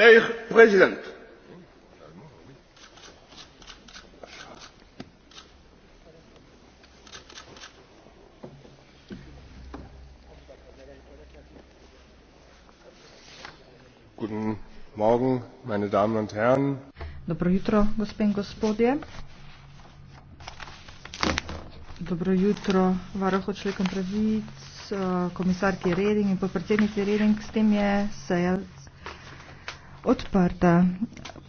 Monsieur le Président, Guten Morgen, meine Damen und Herren. Dobro jutro, gospe in gospodje. Dobro jutro, varuho človekom pravic, eh, komisarki Reding in podpredsednici Reding. S tem je sejel odprta.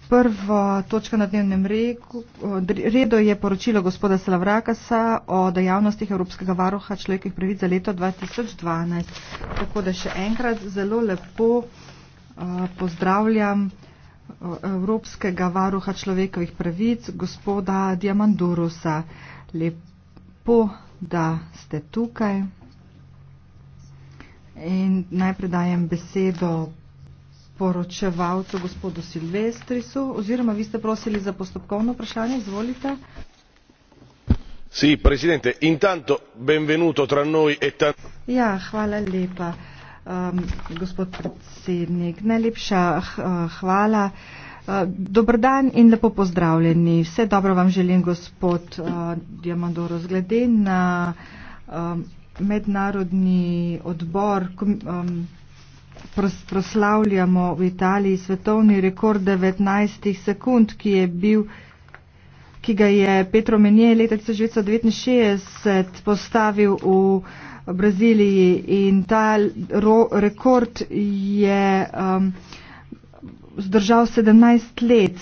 Prva točka na dnevnem redu je poročilo gospoda Slavrakasa o dejavnostih Evropskega varuha človekovih pravic za leto 2012. Tako da še enkrat zelo lepo uh, pozdravljam uh, Evropskega varuha človekovih pravic gospoda Diamandurusa. Lepo, da ste tukaj. In najprej dajem besedo poročevalcu gospodu Silvestrisu, oziroma vi ste prosili za postopkovno vprašanje, izvolite. Sì, presidente, intanto benvenuto tra noi e tanti. Ja, hvala lepa, um, gospod predsednik. Najlepša uh, hvala. Uh, dobar dan in lepo pozdravljeni. Vse dobro vam želim, gospod uh, Diamandoro. Zglede na uh, mednarodni odbor. Kom, um, proslavljamo v Italiji svetovni rekord 19 sekund, ki je bil ki ga je Petro Menje leta 1969 postavil v Braziliji in ta ro, rekord je um, zdržal 17 let.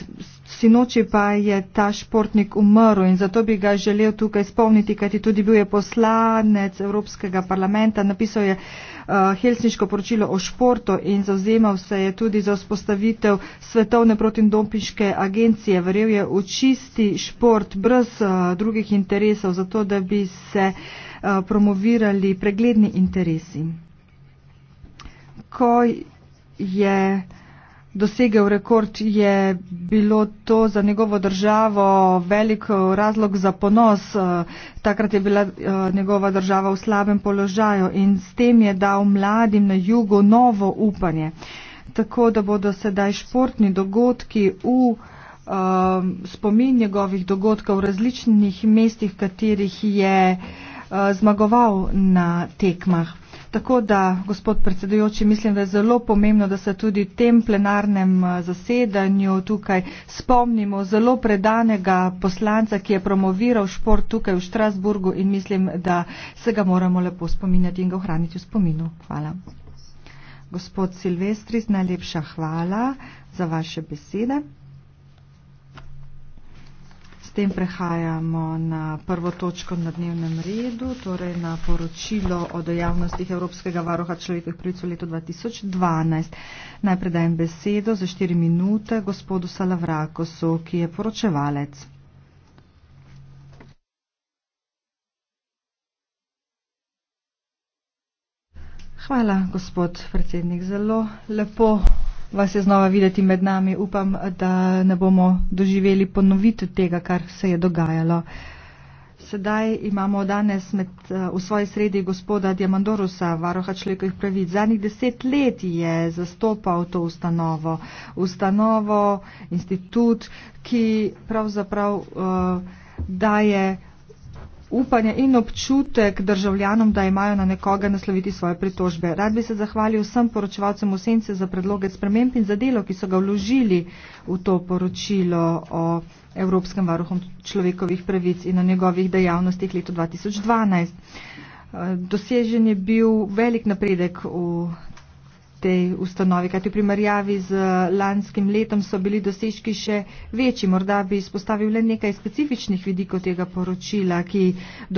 Sinoči pa je ta športnik umrl in zato bi ga želel tukaj spomniti, kajti tudi bil je poslanec Evropskega parlamenta, napisal je uh, Eh, helsniško poročilo o športu in zauzemal se je tudi za vzpostavitev svetovne protidopinške agencije. Verjel je v čisti šport brez eh, drugih interesov, zato da bi se eh, promovirali pregledni interesi. Ko je dosegel rekord, je bilo to za njegovo državo velik eh, razlog za ponos. Eh, takrat je bila eh, njegova država v slabem položaju in s tem je dal mladim na jugu novo upanje. Tako da bodo sedaj športni dogodki v spomin njegovih dogodkov v različnih mestih, v katerih je zmagoval na tekmah. Tako da, gospod predsedujoči, mislim, da je zelo pomembno, da se tudi tem plenarnem eh, zasedanju tukaj spomnimo zelo predanega poslanca, ki je promoviral šport tukaj v Štrasburgu in mislim, da se ga moramo lepo spominjati in ga ohraniti v spominu. Hvala. Gospod Silvestris, najlepša hvala za vaše besede tem prehajamo na prvo točko na dnevnem redu, torej na poročilo o dejavnostih Evropskega varoha človekovih pravic v letu 2012. Najprej dajem besedo za štiri minute gospodu Salavrakosu, ki je poročevalec. Hvala, gospod predsednik, zelo lepo vas je znova videti med nami. Upam, da ne bomo doživeli ponovitev tega, kar se je dogajalo. Sedaj imamo danes med, eh, v svoji sredi gospoda Diamandorusa, varoha človekovih pravic. Zadnjih deset let je zastopal to ustanovo, ustanovo, institut, ki pravzaprav uh, daje upanje in občutek državljanom, da imajo na nekoga nasloviti svoje pritožbe. Rad bi se zahvalil vsem poročevalcem Osence za predloge sprememb in za delo, ki so ga vložili v to poročilo o Evropskem varuhu človekovih pravic in o njegovih dejavnostih leto 2012. Dosežen je bil velik napredek v tej ustanovi, kajti v primerjavi z lanskim letom so bili dosežki še večji. Morda bi izpostavil le nekaj specifičnih vidikov tega poročila, ki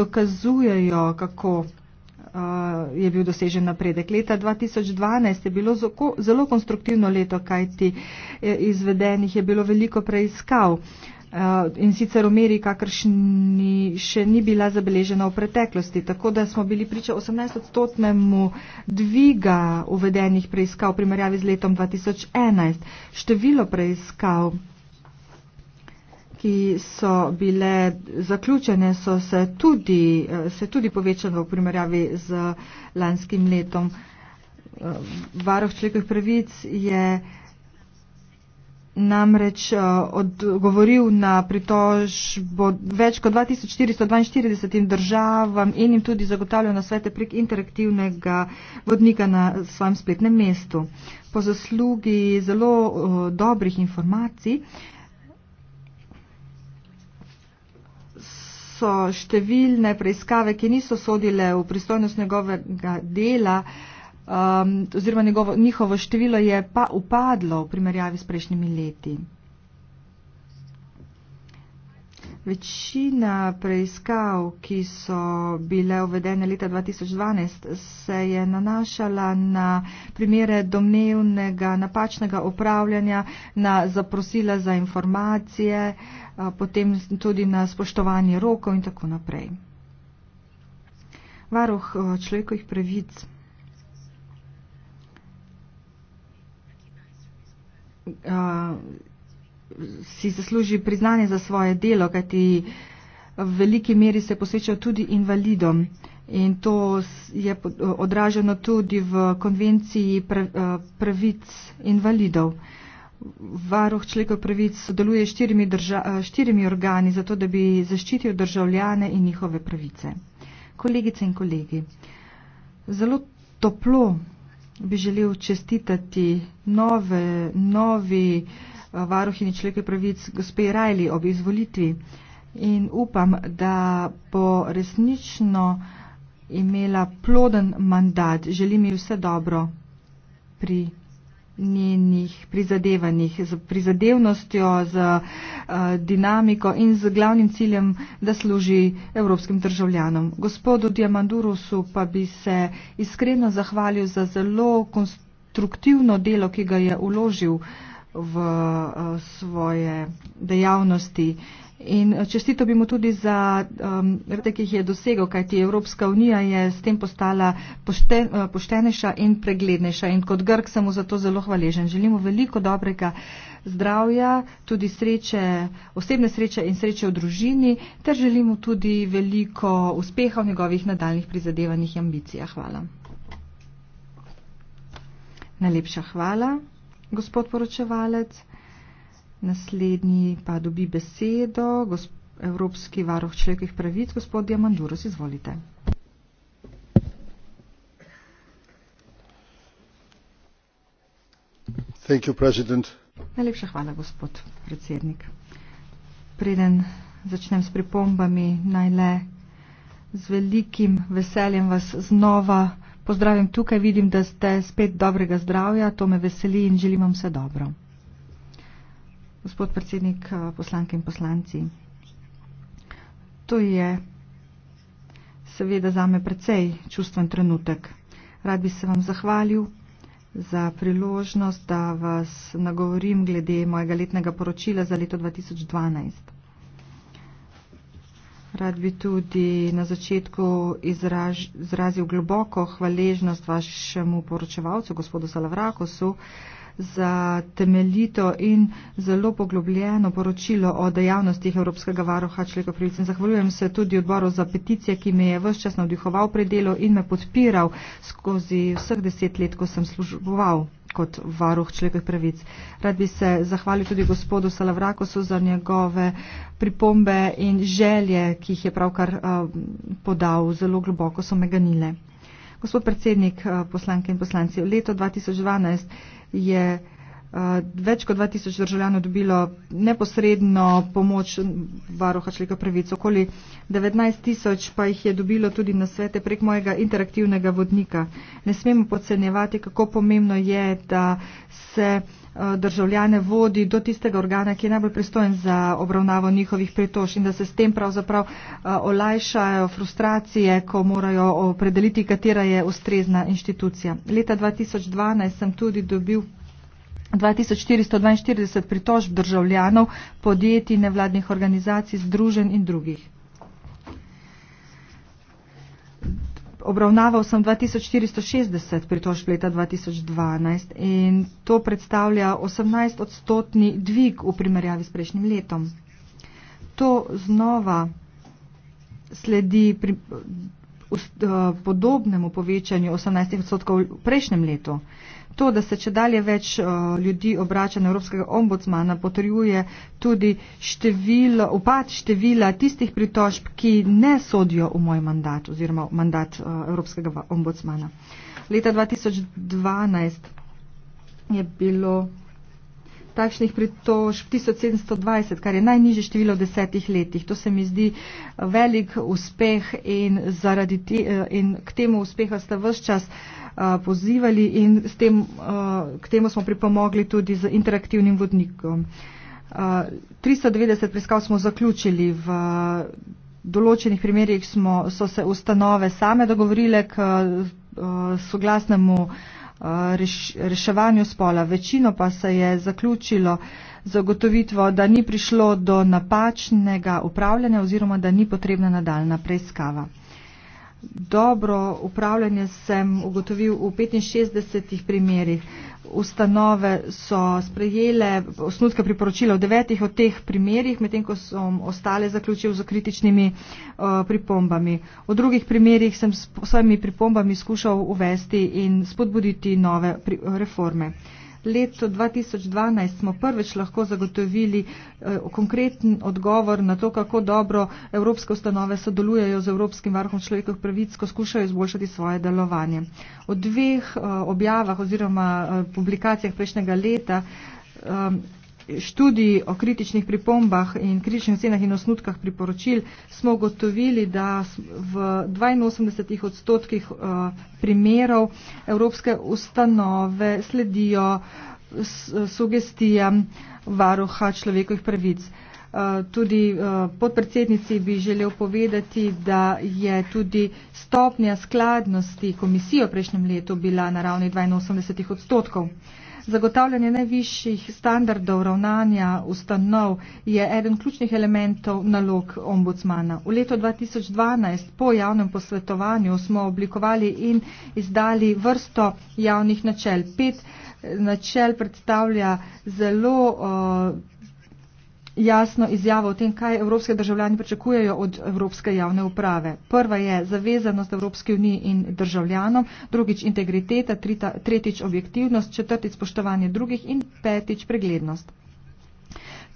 dokazujejo, kako uh, je bil dosežen napredek. Leta 2012 je bilo zelo konstruktivno leto, kajti eh, izvedenih je bilo veliko preiskav. Uh, Eh, in sicer v meri, kakršni še ni bila zabeležena v preteklosti. Tako da smo bili priča 18-odstotnemu dviga uvedenih preiskav v primerjavi z letom 2011. Število preiskav, ki so bile zaključene, so se tudi, eh, se tudi povečalo v primerjavi z lanskim letom. Eh, Varoh človekovih pravic je uh, namreč uh, odgovoril na pritožbo več kot 2442 državam in jim tudi zagotavljal na svete prek interaktivnega vodnika na svojem spletnem mestu. Po zaslugi zelo uh, dobrih informacij so številne preiskave, ki niso sodile v pristojnost njegovega dela, uh, um, oziroma njegovo, njihovo število je pa upadlo v primerjavi s prejšnjimi leti. Večina preiskav, ki so bile uvedene leta 2012, se je nanašala na primere domnevnega napačnega upravljanja, na zaprosila za informacije, eh, potem tudi na spoštovanje rokov in tako naprej. Varuh eh, človekovih pravic. uh, si zasluži priznanje za svoje delo, kajti v veliki meri se posveča tudi invalidom. In to je odraženo tudi v konvenciji pravic invalidov. Varuh človekovih pravic sodeluje s štirimi, štirimi organi, zato da bi zaščitil državljane in njihove pravice. Kolegice in kolegi, zelo toplo bi želel čestitati nove, novi eh, varuhini človekovih pravic gospe Rajli ob izvolitvi in upam, da bo resnično imela ploden mandat. Želim ji vse dobro pri njenih prizadevanjih, z prizadevnostjo, z eh, dinamiko in z glavnim ciljem, da služi evropskim državljanom. Gospodu Diamandurusu pa bi se iskreno zahvalil za zelo konstruktivno delo, ki ga je uložil v eh, svoje dejavnosti. In čestito bi mu tudi za vrte, um, ki jih je dosegel, kajti Evropska unija je s tem postala pošten, eh, poštenejša in preglednejša. In kot Grk sem mu za to zelo hvaležen. Želimo veliko dobrega zdravja, tudi sreče, osebne sreče in sreče v družini, ter želimo tudi veliko uspeha v njegovih nadaljnih prizadevanjih in ambicijah. Hvala. Najlepša hvala, gospod poročevalec. Naslednji pa dobi besedo Evropski varoh človekovih pravic, gospod Diamanduros, izvolite. Thank you, Najlepša hvala, gospod predsednik. Preden začnem s pripombami, naj le z velikim veseljem vas znova pozdravim tukaj, vidim, da ste spet dobrega zdravja, to me veseli in želim vam vse dobro gospod predsednik, eh, poslanke in poslanci. To je seveda zame precej čustven trenutek. Rad bi se vam zahvalil za priložnost, da vas nagovorim glede mojega letnega poročila za leto 2012. Rad bi tudi na začetku izraž, izrazil globoko hvaležnost vašemu poročevalcu, gospodu Salavrakosu, za temeljito in zelo poglobljeno poročilo o dejavnostih Evropskega varoha človekovih pravic. Zahvaljujem se tudi odboru za peticije, ki me je vse čas navdihoval pri delu in me podpiral skozi vseh deset let, ko sem služboval kot varuh človekovih pravic. Rad bi se zahvalil tudi gospodu Salavrakosu za njegove pripombe in želje, ki jih je pravkar uh, podal. Zelo globoko so me ganile. Gospod predsednik, eh, poslanke in poslanci, leto 2012 je Eh, več kot 2000 državljanov dobilo neposredno pomoč varoha človeka pravic. Okoli 19 tisoč pa jih je dobilo tudi na svete prek mojega interaktivnega vodnika. Ne smemo podcenjevati, kako pomembno je, da se eh, državljane vodi do tistega organa, ki je najbolj pristojen za obravnavo njihovih pritoš in da se s tem pravzaprav eh, olajšajo frustracije, ko morajo opredeliti, katera je ustrezna inštitucija. Leta 2012 sem tudi dobil 2442 pritožb državljanov, podjetij, nevladnih organizacij, združen in drugih. Obravnaval sem 2460 pritožb leta 2012 in to predstavlja 18 odstotni dvig v primerjavi s prejšnjim letom. To znova sledi pri, uh, podobnemu povečanju 18 odstotkov v prejšnjem letu. Uh, To, da se če dalje več eh, ljudi obrača na Evropskega ombudsmana, potrjuje tudi število, upad števila tistih pritožb, ki ne sodijo v moj mandat oziroma mandat eh, Evropskega ombudsmana. Leta 2012 je bilo takšnih pritožb 1720, kar je najnižje število v desetih letih. To se mi zdi eh, velik uspeh in, te, in k temu uspeha sta vse čas uh, pozivali in s tem, k temu smo pripomogli tudi z interaktivnim vodnikom. 390 preiskav smo zaključili v določenih primerjih smo, so se ustanove same dogovorile k soglasnemu reš, reševanju spola. Večino pa se je zaključilo zagotovitvo, da ni prišlo do napačnega upravljanja oziroma da ni potrebna nadaljna preiskava. Dobro upravljanje sem ugotovil v 65 primerih. Ustanove so sprejele osnutke priporočila v devetih od teh primerih, medtem ko sem ostale zaključil z kritičnimi uh, pripombami. V drugih primerih sem s svojimi pripombami skušal uvesti in spodbuditi nove pri, reforme. Uh, leto 2012 smo prvič lahko zagotovili eh, konkreten odgovor na to, kako dobro evropske ustanove sodelujejo z Evropskim varhom človekovih pravic, ko skušajo izboljšati svoje delovanje. O dveh eh, objavah oziroma eh, publikacijah prejšnjega leta študij o kritičnih pripombah in kritičnih ocenah in osnutkah priporočil smo gotovili, da v 82 odstotkih eh, primerov Evropske ustanove sledijo sugestijam varuha človekovih pravic. Tudi eh, podpredsednici bi želel povedati, da je tudi stopnja skladnosti komisije v prejšnjem letu bila na ravni 82 odstotkov. Zagotavljanje najvišjih standardov ravnanja ustanov je eden ključnih elementov nalog ombudsmana. V letu 2012 po javnem posvetovanju smo oblikovali in izdali vrsto javnih načel. Pet eh, načel predstavlja zelo uh, jasno izjavo o tem, kaj evropske državljani pričakujejo od evropske javne uprave. Prva je zavezanost Evropske unije in državljanom, drugič integriteta, tretjič objektivnost, četrtič spoštovanje drugih in petič preglednost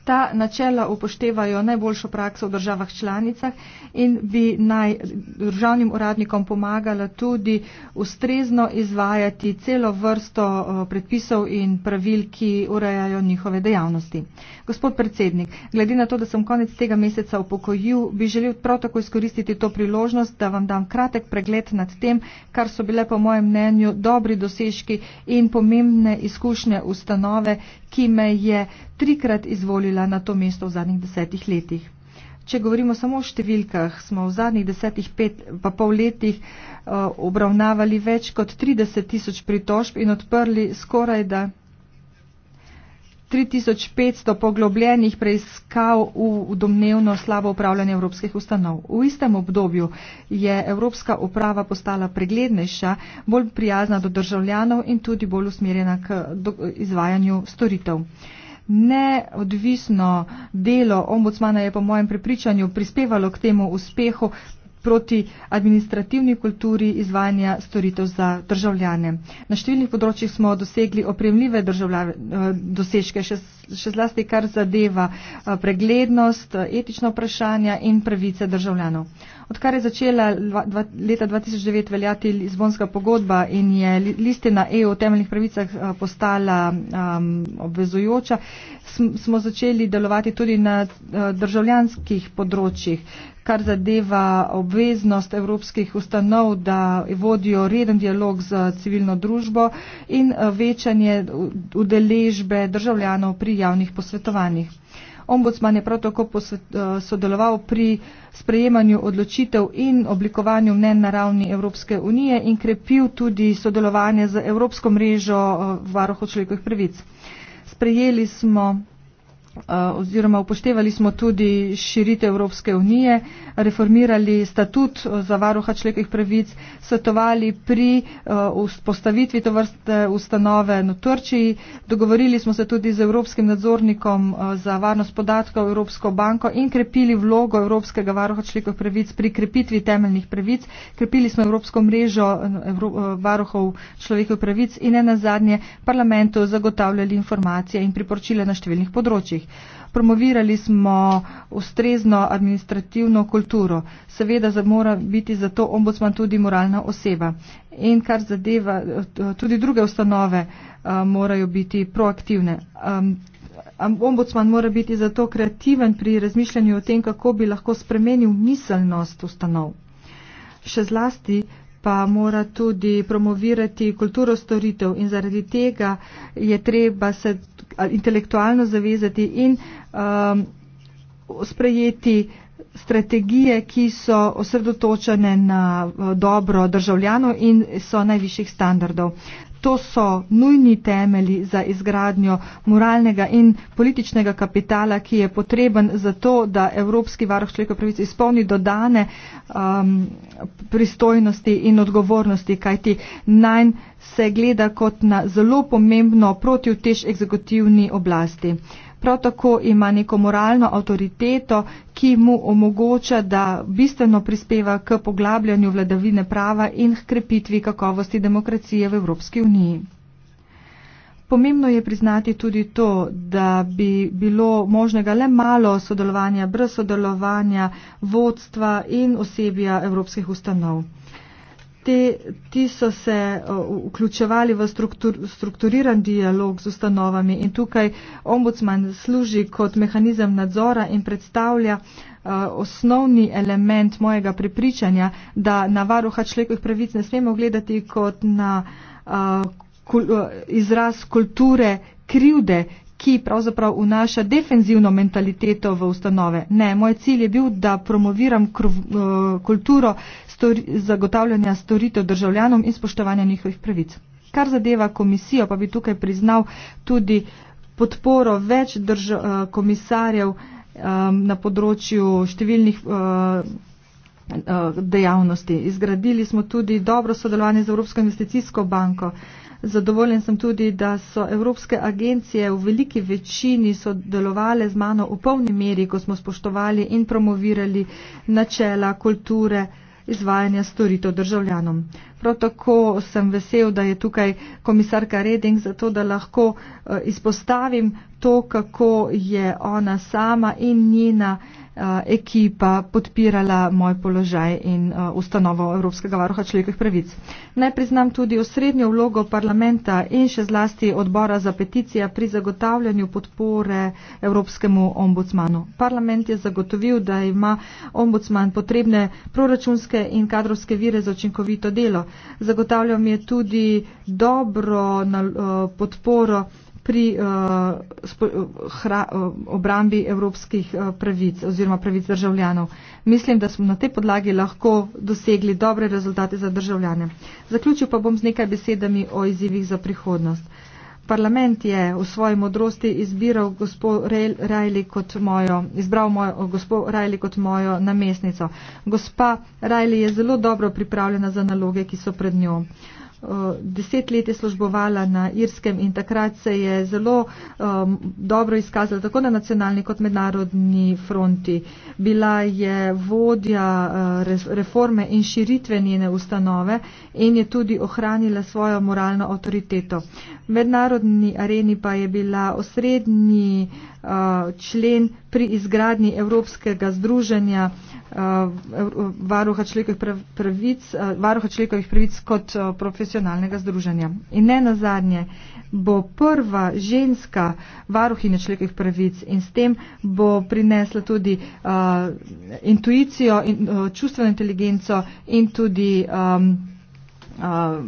ta načela upoštevajo najboljšo prakso v državah članicah in bi naj državnim uradnikom pomagala tudi ustrezno izvajati celo vrsto eh, predpisov in pravil, ki urejajo njihove dejavnosti. Gospod predsednik, glede na to, da sem konec tega meseca upokojil, bi želel prav tako izkoristiti to priložnost, da vam dam kratek pregled nad tem, kar so bile po mojem mnenju dobri dosežki in pomembne izkušnje ustanove, ki me je trikrat izvolila na to mesto v zadnjih desetih letih. Če govorimo samo o številkah, smo v zadnjih desetih pet, pa pol letih uh, obravnavali več kot 30 tisoč pritožb in odprli skoraj da 3500 poglobljenih preiskav v domnevno slabo upravljanje evropskih ustanov. V istem obdobju je evropska uprava postala preglednejša, bolj prijazna do državljanov in tudi bolj usmerjena k izvajanju storitev. Neodvisno delo ombudsmana je po mojem prepričanju prispevalo k temu uspehu, proti administrativni kulturi izvajanja storitev za državljane. Na številnih področjih smo dosegli opremljive eh, dosežke, še še zlasti kar zadeva eh, preglednost, etično vprašanje in pravice državljanov. Odkar je začela leta 2009 veljati Lizbonska pogodba in je listina EU o temeljnih pravicah eh, postala um, obvezujoča, smo začeli delovati tudi na eh, državljanskih področjih, kar zadeva obveznost evropskih ustanov, da vodijo reden dialog z civilno družbo in večanje udeležbe državljanov pri javnih posvetovanjih. Ombudsman je prav tako eh, sodeloval pri sprejemanju odločitev in oblikovanju mnen na ravni Evropske unije in krepil tudi sodelovanje z Evropsko mrežo eh, varohov človekovih prvic. Sprejeli smo Eh, oziroma upoštevali smo tudi širitev Evropske unije, reformirali statut eh, za varuha človekovih pravic, svetovali pri eh, postavitvi to vrste ustanove v Turčiji, dogovorili smo se tudi z Evropskim nadzornikom za varnost podatkov Evropsko banko in krepili vlogo Evropskega varuha človekovih pravic pri krepitvi temeljnih pravic, krepili smo Evropsko mrežo Evro varuhov človekovih pravic in ne na zadnje parlamentu zagotavljali informacije in priporočila na številnih področjih mestih. Promovirali smo ustrezno administrativno kulturo. Seveda mora biti zato ombudsman tudi moralna oseba. In kar zadeva, tudi druge ustanove eh, morajo biti proaktivne. Ombudsman mora biti zato kreativen pri razmišljanju o tem, kako bi lahko spremenil miselnost ustanov. Še zlasti pa mora tudi promovirati kulturo storitev in zaradi tega je treba se ali intelektualno zavezati in um, sprejeti strategije, ki so osredotočene na uh, dobro državljanov in so najvišjih standardov. To so nujni temeli za izgradnjo moralnega in političnega kapitala, ki je potreben za to, da Evropski varuh človekov pravic izpolni dodane um, pristojnosti in odgovornosti, kajti naj se gleda kot na zelo pomembno protivtež egzekutivni oblasti prav tako ima neko moralno avtoriteto, ki mu omogoča, da bistveno prispeva k poglabljanju vladavine prava in h krepitvi kakovosti demokracije v Evropski uniji. Pomembno je priznati tudi to, da bi bilo možnega le malo sodelovanja brez sodelovanja vodstva in osebja evropskih ustanov te, ti so se uh, vključevali v struktur, strukturiran dialog z ustanovami in tukaj ombudsman služi kot mehanizem nadzora in predstavlja osnovni element mojega prepričanja, da na varuha človekovih pravic ne smemo gledati kot na uh, kul, uh, izraz kulture krivde, ki pravzaprav vnaša defenzivno mentaliteto v ustanove. Ne, moj cilj je bil, da promoviram krv, eh, kulturo stori, zagotavljanja storitev državljanom in spoštovanja njihovih pravic. Kar zadeva komisijo, pa bi tukaj priznal tudi podporo več drž, eh, komisarjev um, na področju številnih. Uh, dejavnosti. Izgradili smo tudi dobro sodelovanje z Evropsko investicijsko banko. Uh, Zadovoljen sem tudi, da so evropske agencije v veliki večini sodelovale z mano v polni meri, ko smo spoštovali in promovirali načela kulture izvajanja storitev državljanom. Prav tako sem vesel, da je tukaj komisarka Reding, zato da lahko eh, izpostavim to, kako je ona sama in njena uh, ekipa podpirala moj položaj in uh, ustanovo Evropskega varuha človekovih pravic. Naj priznam tudi osrednjo vlogo parlamenta in še zlasti odbora za peticija pri zagotavljanju podpore Evropskemu ombudsmanu. Parlament je zagotovil, da ima ombudsman potrebne proračunske in kadrovske vire za učinkovito delo. Zagotavljal mi je tudi dobro na, uh, podporo pri uh, spo, uh, hra, uh, obrambi evropskih uh, pravic oziroma pravic državljanov. Mislim, da smo na tej podlagi lahko dosegli dobre rezultate za državljane. Zaključil pa bom z nekaj besedami o izzivih za prihodnost. Parlament je v svoji modrosti izbiral Rajli kot mojo, izbral mojo, gospod Rajli kot mojo namestnico. Gospa Rajli je zelo dobro pripravljena za naloge, ki so pred njo. Uh, deset let je službovala na Irskem in takrat se je zelo um, dobro izkazala tako na nacionalni kot mednarodni fronti. Bila je vodja uh, reforme in širitve njene ustanove in je tudi ohranila svojo moralno avtoriteto. V mednarodni areni pa je bila osrednji uh, Eh, člen pri izgradnji Evropskega združenja eh, varuha človekovih pravic, eh, varuha človekovih pravic kot profesionalnega združenja. In ne nazadnje bo prva ženska varuhinja človekovih pravic in s tem bo prinesla tudi uh, intuicijo in uh, čustveno inteligenco in tudi um, uh,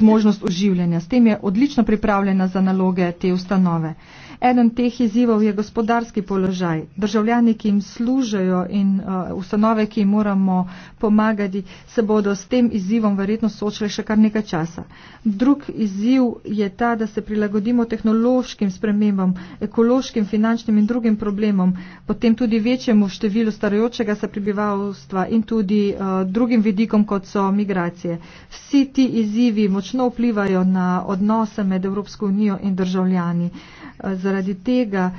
zmožnost oživljanja. S tem je odlično pripravljena za naloge te ustanove. Uh, Eden teh izzivov je gospodarski položaj. Državljani, ki jim služijo in uh, ustanove, ki jim moramo pomagati, se bodo s tem izzivom verjetno soočali še kar nekaj časa. Drug izziv je ta, da se prilagodimo tehnološkim spremembam, ekološkim, finančnim in drugim problemom, potem tudi večjemu številu starajočega se prebivalstva in tudi uh, drugim vidikom, kot so migracije. Vsi ti izzivi močno vplivajo na odnose med Evropsko unijo in državljani. Uh, Zaradi tega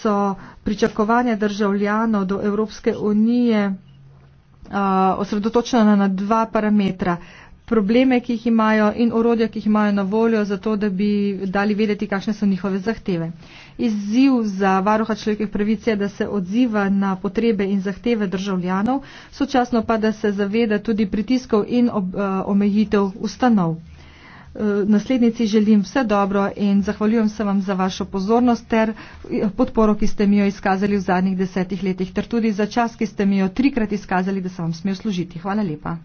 so pričakovanja državljanov do Evropske unije uh, osredotočena na dva parametra. Probleme, ki jih imajo in orodja, ki jih imajo na voljo, zato da bi dali vedeti, kakšne so njihove zahteve. Izziv za varuha človekovih pravic je, da se odziva na potrebe in zahteve državljanov, sočasno pa, da se zaveda tudi pritiskov in ob, uh, omejitev ustanov naslednici želim vse dobro in zahvaljujem se vam za vašo pozornost ter eh, podporo, ki ste mi jo izkazali v zadnjih desetih letih, ter tudi za čas, ki ste mi jo trikrat izkazali, da sem vam smel služiti. Hvala lepa.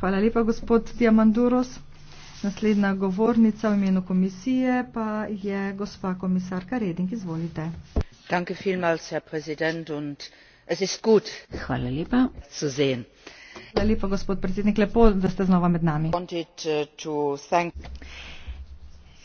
Hvala lepa, gospod Diamanduros. Naslednja govornica v imenu komisije pa je gospa komisarka Reding. Izvolite herr präsident! es ist gut sie zu sehen. ich möchte ihnen herr kommissar andriukaitis recht herzlich für ihre arbeit danken.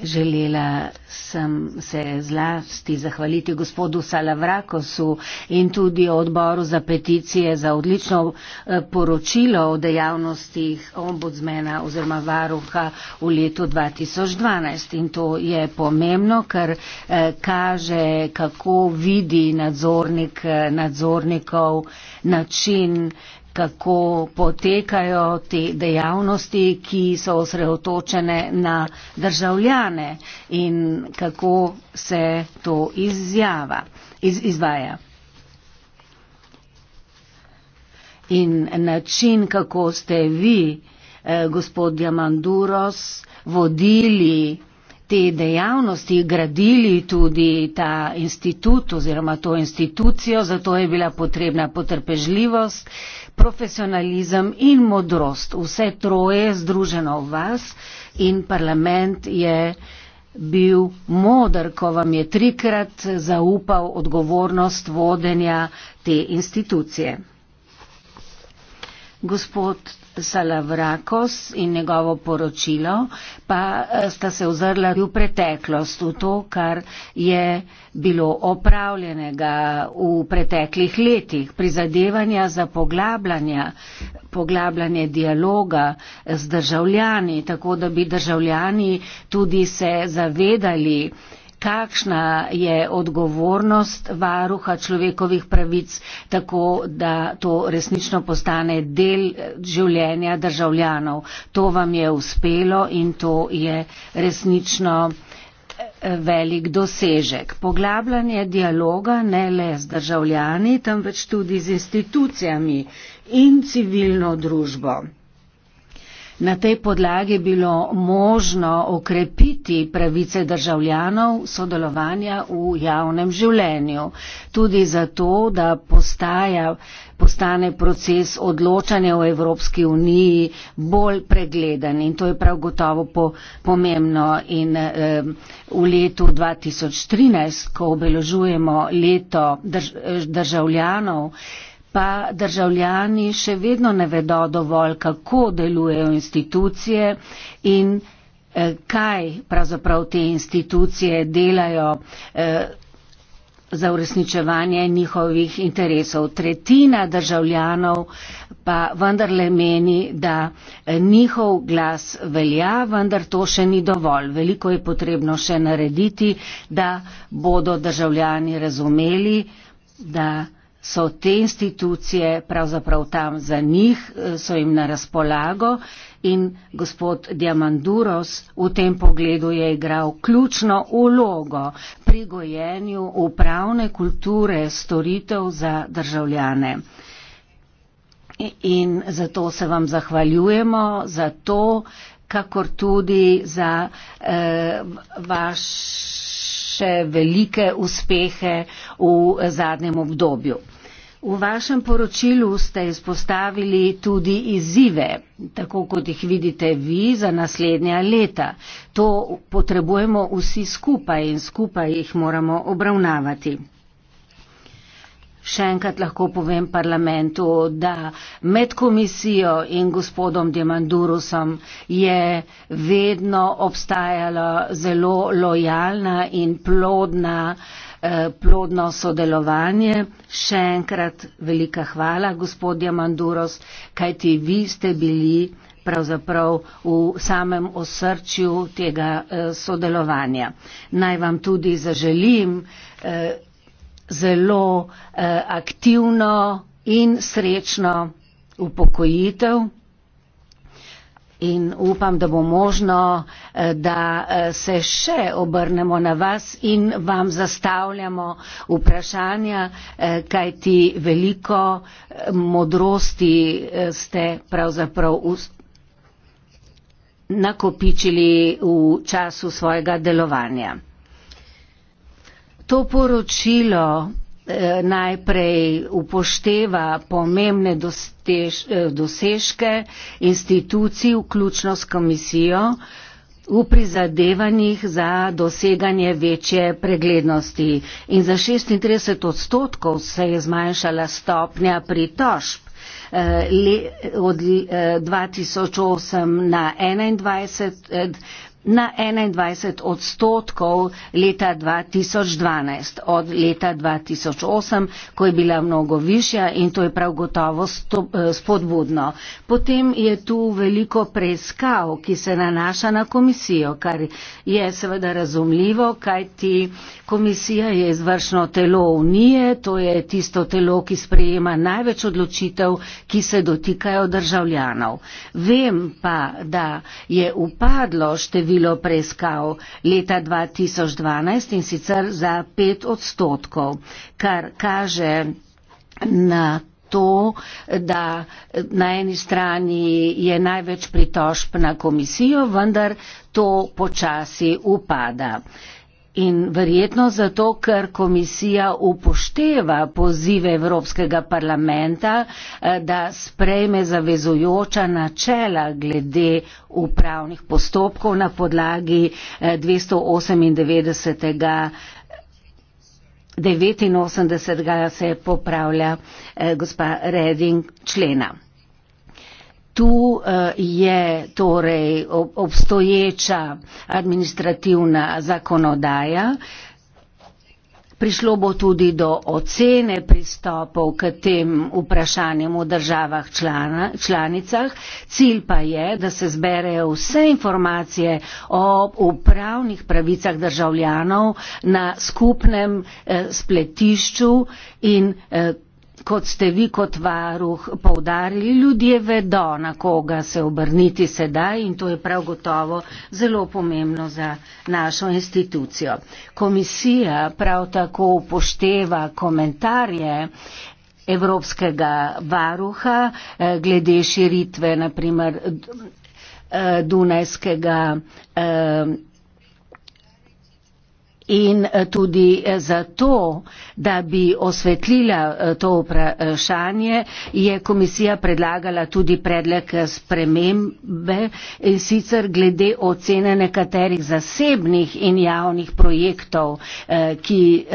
Želela sem se zlasti zahvaliti gospodu Salavrakosu in tudi odboru za peticije za odlično eh, poročilo o dejavnostih ombudsmena oziroma varuha v letu 2012. In to je pomembno, ker eh, kaže, kako vidi nadzornik eh, nadzornikov način kako potekajo te dejavnosti, ki so osredotočene na državljane in kako se to izjava, iz, izvaja. In način, kako ste vi, eh, gospod Diamanduros, vodili te dejavnosti gradili tudi ta institut oziroma to institucijo, zato je bila potrebna potrpežljivost, profesionalizem in modrost. Vse troje združeno v vas in parlament je bil modr, ko vam je trikrat zaupal odgovornost vodenja te institucije gospod Salavrakos in njegovo poročilo, pa eh, sta se ozrla v preteklost, v to, kar je bilo opravljenega v preteklih letih, prizadevanja za poglabljanje, poglabljanje dialoga z državljani, tako da bi državljani tudi se zavedali, kakšna je odgovornost varuha človekovih pravic, tako da to resnično postane del življenja državljanov. To vam je uspelo in to je resnično eh, velik dosežek. Poglabljanje dialoga ne le z državljani, temveč tudi z institucijami in civilno družbo. Na tej podlagi je bilo možno okrepiti pravice državljanov sodelovanja v javnem življenju. Tudi zato, da postaja, postane proces odločanja v Evropski uniji bolj pregleden in to je prav gotovo po, pomembno. In eh, v letu 2013, ko obeležujemo leto drž, eh, državljanov, eh, pa državljani še vedno ne vedo dovolj, kako delujejo institucije in eh, kaj pravzaprav te institucije delajo eh, za uresničevanje njihovih interesov. Tretjina državljanov pa vendarle meni, da eh, njihov glas velja, vendar to še ni dovolj. Veliko je potrebno še narediti, da bodo državljani razumeli, da so te institucije pravzaprav tam za njih, eh, so jim na razpolago in gospod Diamanduros v tem pogledu je igral ključno ulogo pri gojenju upravne kulture storitev za državljane. In zato se vam zahvaljujemo za to, kakor tudi za eh, vaš vaše velike uspehe v zadnjem obdobju. V vašem poročilu ste izpostavili tudi izzive, tako kot jih vidite vi za naslednja leta. To potrebujemo vsi skupaj in skupaj jih moramo obravnavati še enkrat lahko povem parlamentu, da med komisijo in gospodom Demandurusom je vedno obstajala zelo lojalna in plodna, eh, plodno sodelovanje. Še enkrat velika hvala, gospod Demandurus, kajti vi ste bili pravzaprav v samem osrčju tega eh, sodelovanja. Naj vam tudi zaželim. Eh, zelo eh, aktivno in srečno upokojitev in upam, da bo možno, eh, da eh, se še obrnemo na vas in vam zastavljamo vprašanja, eh, kaj ti veliko eh, modrosti eh, ste pravzaprav nakopičili v času svojega delovanja to poročilo eh, najprej upošteva pomembne dostež, eh, dosežke institucij, vključno s komisijo, v prizadevanjih za doseganje večje preglednosti. In za 36 odstotkov se je zmanjšala stopnja pritožb eh, od 2008 na 2021 na 21 odstotkov leta 2012 od leta 2008, ko je bila mnogo višja in to je prav gotovo eh, spodbudno. Potem je tu veliko preiskav, ki se nanaša na komisijo, kar je seveda razumljivo, kajti komisija je izvršno telo unije, to je tisto telo, ki sprejema največ odločitev, ki se dotikajo državljanov. Vem pa, da je upadlo število število preiskav leta 2012 in sicer za 5 odstotkov, kar kaže na to, da na eni strani je največ pritožb na komisijo, vendar to počasi upada. Uh, in verjetno zato, ker komisija upošteva pozive Evropskega parlamenta, eh, da sprejme zavezujoča načela glede upravnih postopkov na podlagi 298. Eh, 89. se popravlja eh, gospa Reding člena tu eh, je torej obstoječa administrativna zakonodaja. Prišlo bo tudi do ocene pristopov k tem vprašanjem v državah člana, članicah. Cilj pa je, da se zberejo vse informacije o upravnih pravicah državljanov na skupnem eh, spletišču in eh, kot ste vi kot varuh povdarili, ljudje vedo, na koga se obrniti sedaj in to je prav gotovo zelo pomembno za našo institucijo. Komisija prav tako upošteva komentarje. Evropskega varuha eh, glede širitve, naprimer, eh, Dunajskega eh, in eh, tudi eh, zato, da bi osvetlila eh, to vprašanje, je komisija predlagala tudi predlog spremembe in sicer glede ocene nekaterih zasebnih in javnih projektov, ki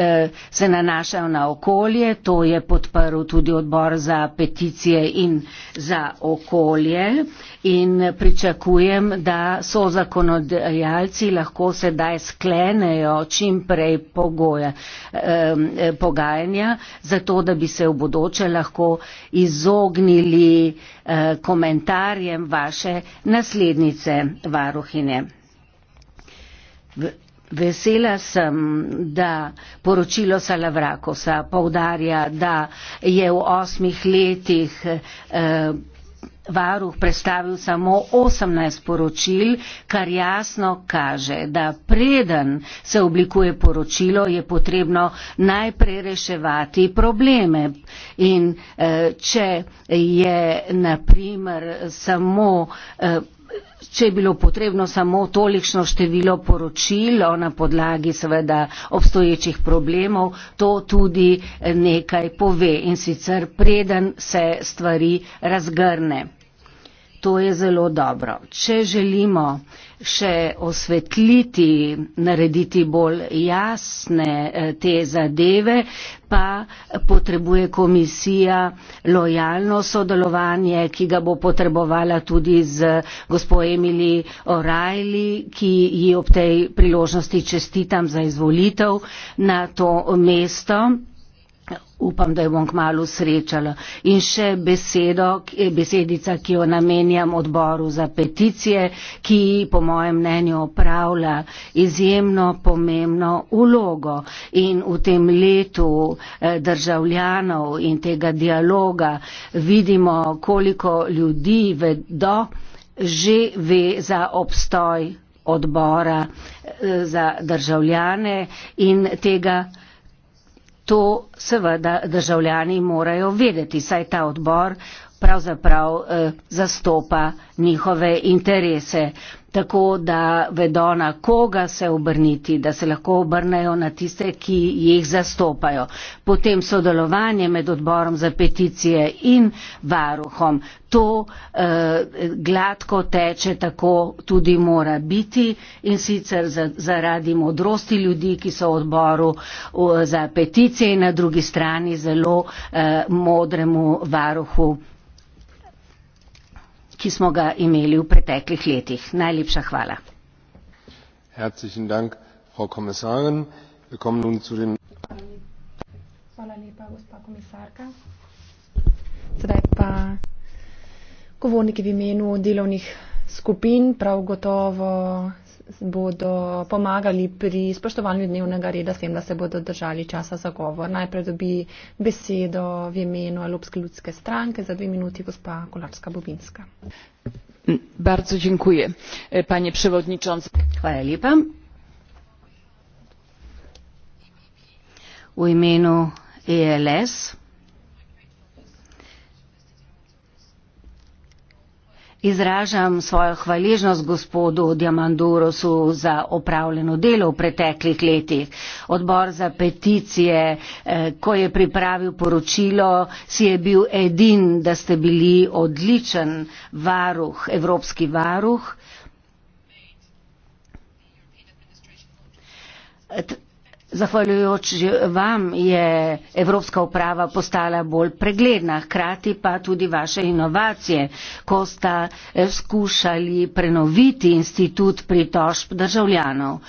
se nanašajo na okolje. To je podprl tudi odbor za peticije in za okolje in pričakujem, da so zakonodajalci lahko sedaj sklenejo. Čim čim prej pogoje, eh, pogajanja, zato da bi se v bodoče lahko izognili eh, komentarjem vaše naslednice varuhine. V Vesela sem, da poročilo Salavrakosa povdarja, da je v osmih letih eh, varuh predstavil samo 18 poročil, kar jasno kaže, da preden se oblikuje poročilo, je potrebno najprej reševati probleme. In eh, če je naprimer samo. Eh, če je bilo potrebno samo tolikšno število poročilo na podlagi seveda obstoječih problemov, to tudi eh, nekaj pove in sicer preden se stvari razgrne to je zelo dobro. Če želimo še osvetliti, narediti bolj jasne eh, te zadeve, pa potrebuje komisija lojalno sodelovanje, ki ga bo potrebovala tudi z gospo Emili Orajli, ki ji ob tej priložnosti čestitam za izvolitev na to mesto upam, da jo bom kmalo srečala. In še besedo, eh, besedica, ki jo namenjam odboru za peticije, ki po mojem mnenju opravlja izjemno pomembno ulogo. In v tem letu eh, državljanov in tega dialoga vidimo, koliko ljudi vedo, že ve za obstoj odbora eh, za državljane in tega. To seveda državljani morajo vedeti, saj ta odbor pravzaprav eh, zastopa njihove interese tako da vedo, na koga se obrniti, da se lahko obrnejo na tiste, ki jih zastopajo. Potem sodelovanje med odborom za peticije in varuhom. To eh, gladko teče, tako tudi mora biti in sicer za, zaradi modrosti ljudi, ki so v odboru za peticije in na drugi strani zelo eh, modremu varuhu ki smo ga imeli v preteklih letih. Najlepša hvala. Hvala lepa, gospa komisarka. Sedaj pa govorniki v imenu delovnih skupin prav gotovo bodo pomagali pri spoštovanju dnevnega reda s tem, da se bodo držali časa za govor. Najprej dobi besedo v imenu Alopske ljudske stranke za dve minuti gospa Kolarska Bobinska. Mm, bardzo dziękuję, e, panie przewodniczący. Hvala W imieniu ELS. Izražam svojo hvaležnost gospodu Diamandurosu za opravljeno delo v preteklih letih. Odbor za peticije, eh, ko je pripravil poročilo, si je bil edin, da ste bili odličen varuh, evropski varuh. Zahvaljujoč vam je evropska uprava postala bolj pregledna, hkrati pa tudi vaše inovacije, ko sta eh, skušali prenoviti institut pritožb državljanov.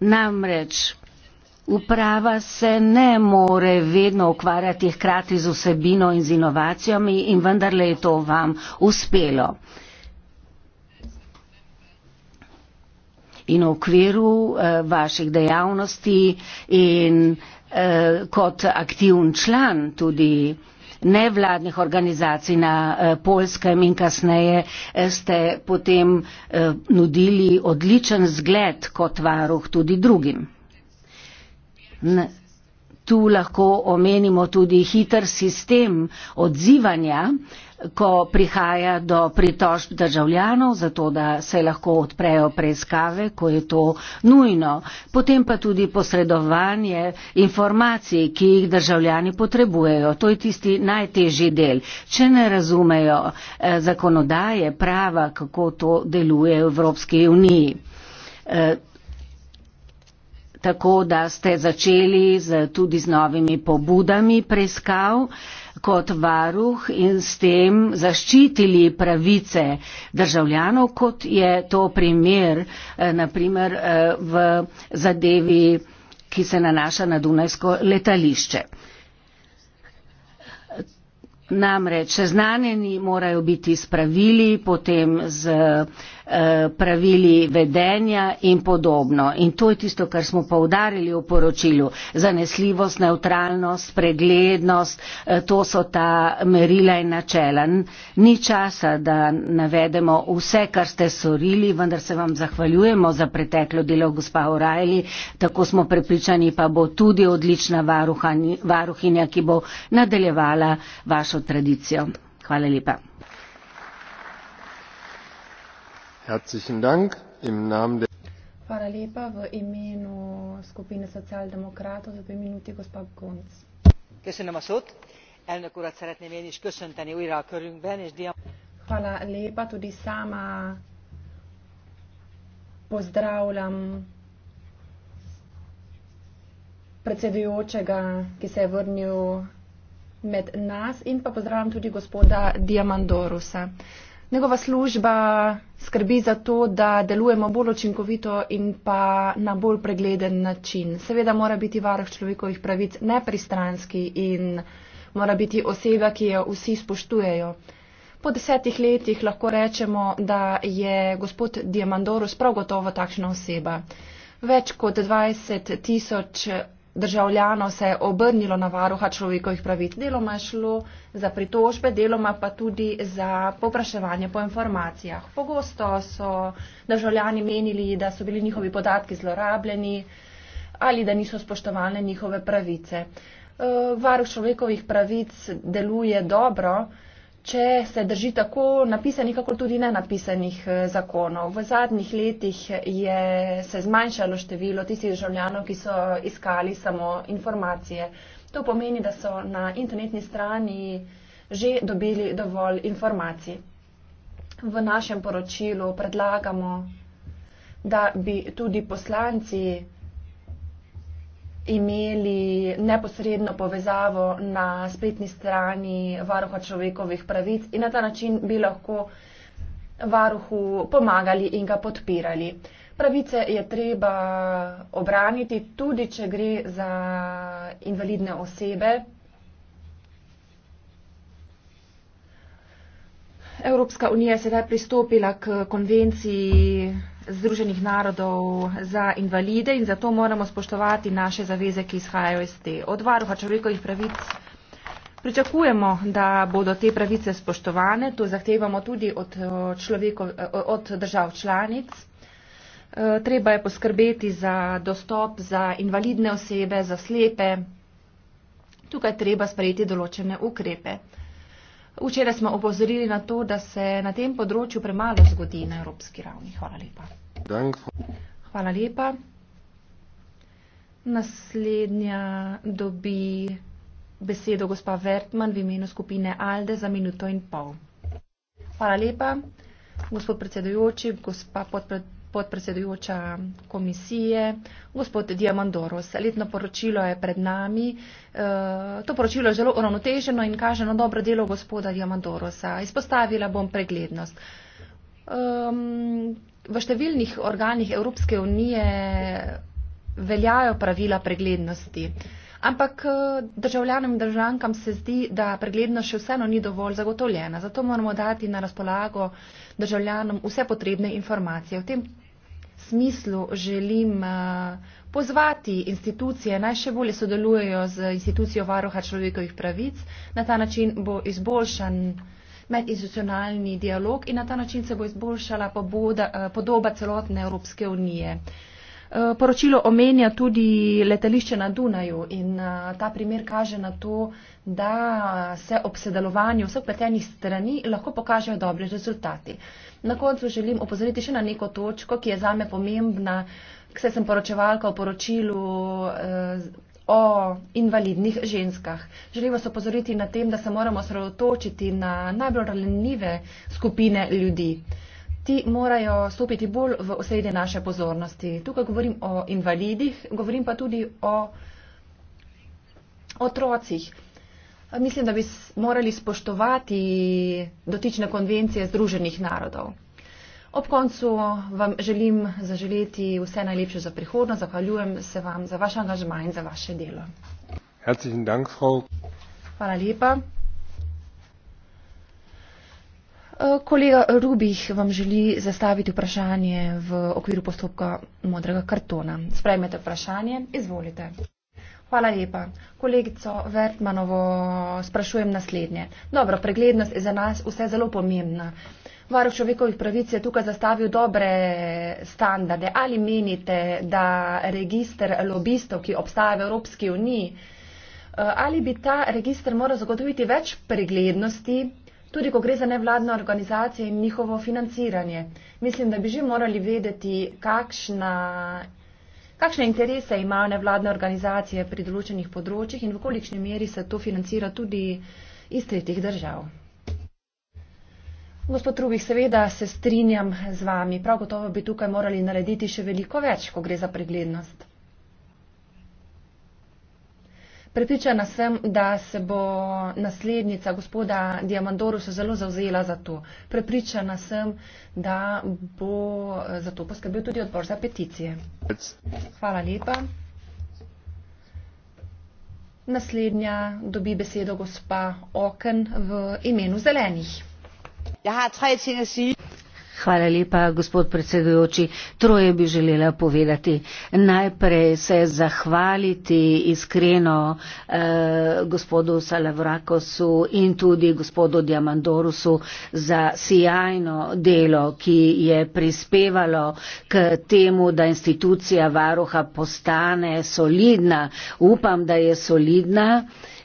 Namreč uprava se ne more vedno ukvarjati hkrati z vsebino in z inovacijami in vendarle je to vam uspelo. in v okviru uh, vaših dejavnosti in uh, kot aktivn član tudi nevladnih organizacij na eh, Polskem in kasneje eh, ste potem eh, nudili odličen zgled kot varuh tudi drugim. Ne. Tu lahko omenimo tudi hiter sistem odzivanja, ko prihaja do pritožb državljanov, zato da se lahko odprejo preiskave, ko je to nujno. Potem pa tudi posredovanje informacij, ki jih državljani potrebujejo. To je tisti najtežji del. Če ne razumejo eh, zakonodaje, prava, kako to deluje v Evropski uniji. Eh, tako da ste začeli z, tudi z novimi pobudami preiskav kot varuh in s tem zaščitili pravice državljanov, kot je to primer eh, naprimer eh, v zadevi, ki se nanaša na Dunajsko letališče. Namreč seznanjeni morajo biti s pravili, potem z eh, Eh, pravili vedenja in podobno. In to je tisto, kar smo povdarili v poročilu. Zanesljivost, neutralnost, preglednost, eh, to so ta merila in načela. Ni časa, da navedemo vse, kar ste sorili, vendar se vam zahvaljujemo za preteklo delo, gospa Orajli. Tako smo prepričani, pa bo tudi odlična varuhinja, ki bo nadaljevala vašo tradicijo. Hvala lepa. Hvala lepa. V imenu skupine socialdemokratov za dve minuti gospa Gonc. Köszönöm a szót. Elnök urat szeretném én is köszönteni újra a körünkben. És diam- Hvala lepa. Tudi sama pozdravljam predsedujočega, ki se je vrnil med nas in pa pozdravljam tudi gospoda Diamandorusa njegova služba skrbi za to, da delujemo bolj očinkovito in pa na bolj pregleden način. Seveda mora biti varuh človekovih pravic nepristranski in mora biti oseba, ki jo vsi spoštujejo. Po desetih letih lahko rečemo, da je gospod Diamandoros prav gotovo takšna oseba. Več kot 20 tisoč državljanov se je obrnilo na varuha človekovih pravic. Deloma je šlo za pritožbe, deloma pa tudi za popraševanje po informacijah. Pogosto so državljani menili, da so bili njihovi podatki zlorabljeni ali da niso spoštovane njihove pravice. Eh, varuh človekovih pravic deluje dobro, če se drži tako napisanih, kako tudi nenapisanih eh, zakonov. V zadnjih letih je se zmanjšalo število tistih državljanov, ki so iskali samo informacije. To pomeni, da so na internetni strani že dobili dovolj informacij. V našem poročilu predlagamo, da bi tudi poslanci imeli neposredno povezavo na spletni strani varuha človekovih pravic in na ta način bi lahko varuhu pomagali in ga podpirali. Pravice je treba obraniti, tudi če gre za invalidne osebe. Evropska unija je sedaj pristopila k konvenciji Združenih narodov za invalide in zato moramo spoštovati naše zaveze, ki izhajajo iz te. Od varuha človekovih pravic pričakujemo, da bodo te pravice spoštovane. To zahtevamo tudi od, eh, človeko, eh, od držav članic. Eh, treba je poskrbeti za dostop za invalidne osebe, za slepe. Tukaj treba sprejeti določene ukrepe. Včeraj smo opozorili na to, da se na tem področju premalo zgodi na evropski ravni. Hvala lepa. Hvala lepa. Naslednja dobi besedo gospa Vertman v imenu skupine Alde za minuto in pol. Hvala lepa, gospod predsedujoči, gospa podpredsednica podpredsedujoča komisije, gospod Diamandoros. Letno poročilo je pred nami. E, to poročilo je zelo uravnoteženo in kaže na dobro delo gospoda Diamandorosa. Izpostavila bom preglednost. E, v številnih organih Evropske unije veljajo pravila preglednosti. Ampak eh, državljanom in državljankam se zdi, da preglednost še vseeno ni dovolj zagotovljena. Zato moramo dati na razpolago državljanom vse potrebne informacije. V tem smislu želim eh, pozvati institucije, naj še bolje sodelujejo z institucijo varuha človekovih pravic. Na ta način bo izboljšan medinstitucionalni dialog in na ta način se bo izboljšala poboda, eh, podoba celotne Evropske unije. Eh, poročilo omenja tudi letališče na Dunaju in eh, ta primer kaže na to, da se ob sedelovanju vseh petenih strani lahko pokažejo dobri rezultati. Na koncu želim opozoriti še na neko točko, ki je zame pomembna, kse sem poročevalka v poročilu eh, o invalidnih ženskah. Želim vas opozoriti na tem, da se moramo sredotočiti na najbolj ranljive skupine ljudi ti morajo stopiti bolj v osrednje naše pozornosti. Tukaj govorim o invalidih, govorim pa tudi o otrocih. Mislim, da bi morali spoštovati dotične konvencije Združenih narodov. Ob koncu vam želim zaželeti vse najlepše za prihodnost. Zahvaljujem se vam za vaš angažma in za vaše delo. Hvala lepa. Eh, kolega Rubih vam želi zastaviti vprašanje v okviru postopka modrega kartona. Sprejmete vprašanje, izvolite. Hvala lepa. Kolegico Vertmanovo sprašujem naslednje. Dobro, preglednost je za nas vse zelo pomembna. Varuh človekovih pravic je tukaj zastavil dobre standarde. Ali menite, da registr lobistov, ki obstaja v Evropski uniji, eh, ali bi ta registr moral zagotoviti več preglednosti, Tudi, ko gre za nevladne organizacije in njihovo financiranje. Mislim, da bi že morali vedeti, kakšna, kakšne interese imajo nevladne organizacije pri določenih področjih in v kolikšni meri se to financira tudi iz tretjih držav. Gospod Trubih, seveda se strinjam z vami. Prav gotovo bi tukaj morali narediti še veliko več, ko gre za preglednost. Pripričana sem, da se bo naslednica gospoda Diamandoru se zelo zauzela za to. Pripričana sem, da bo eh, za to poskrbel tudi odbor za peticije. Hvala lepa. Naslednja dobi besedo gospa Oken v imenu zelenih. Hvala lepa, gospod predsedujoči. Troje bi želela povedati. Najprej se zahvaliti iskreno eh, gospodu Salavrakosu in tudi gospodu Diamandorusu za sijajno delo, ki je prispevalo k temu, da institucija varuha postane solidna. Upam, da je solidna. Eh,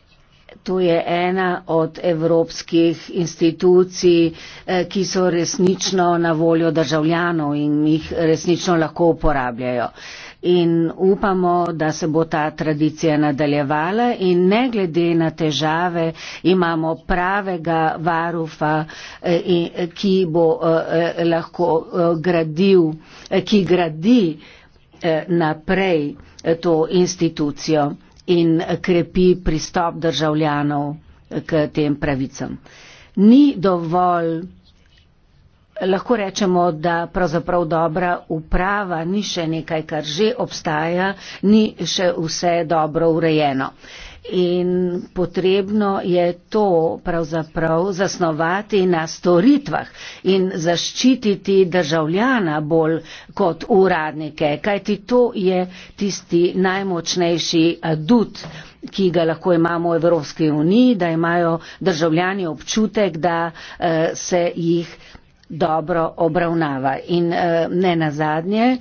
to je ena od evropskih institucij, eh, ki so resnično na voljo državljanov in jih resnično lahko uporabljajo. In upamo, da se bo ta tradicija nadaljevala in ne glede na težave imamo pravega varufa, eh, eh, ki bo lahko gradil, ki gradi naprej to institucijo in krepi pristop državljanov k tem pravicam. Ni dovolj, lahko rečemo, da pravzaprav dobra uprava ni še nekaj, kar že obstaja, ni še vse dobro urejeno. Uh, in potrebno je to pravzaprav zasnovati na storitvah in zaščititi državljana bolj kot uradnike, kajti to je tisti najmočnejši adut ki ga lahko imamo v Evropski uniji, da imajo državljani občutek, da eh, se jih dobro obravnava. In eh, ne nazadnje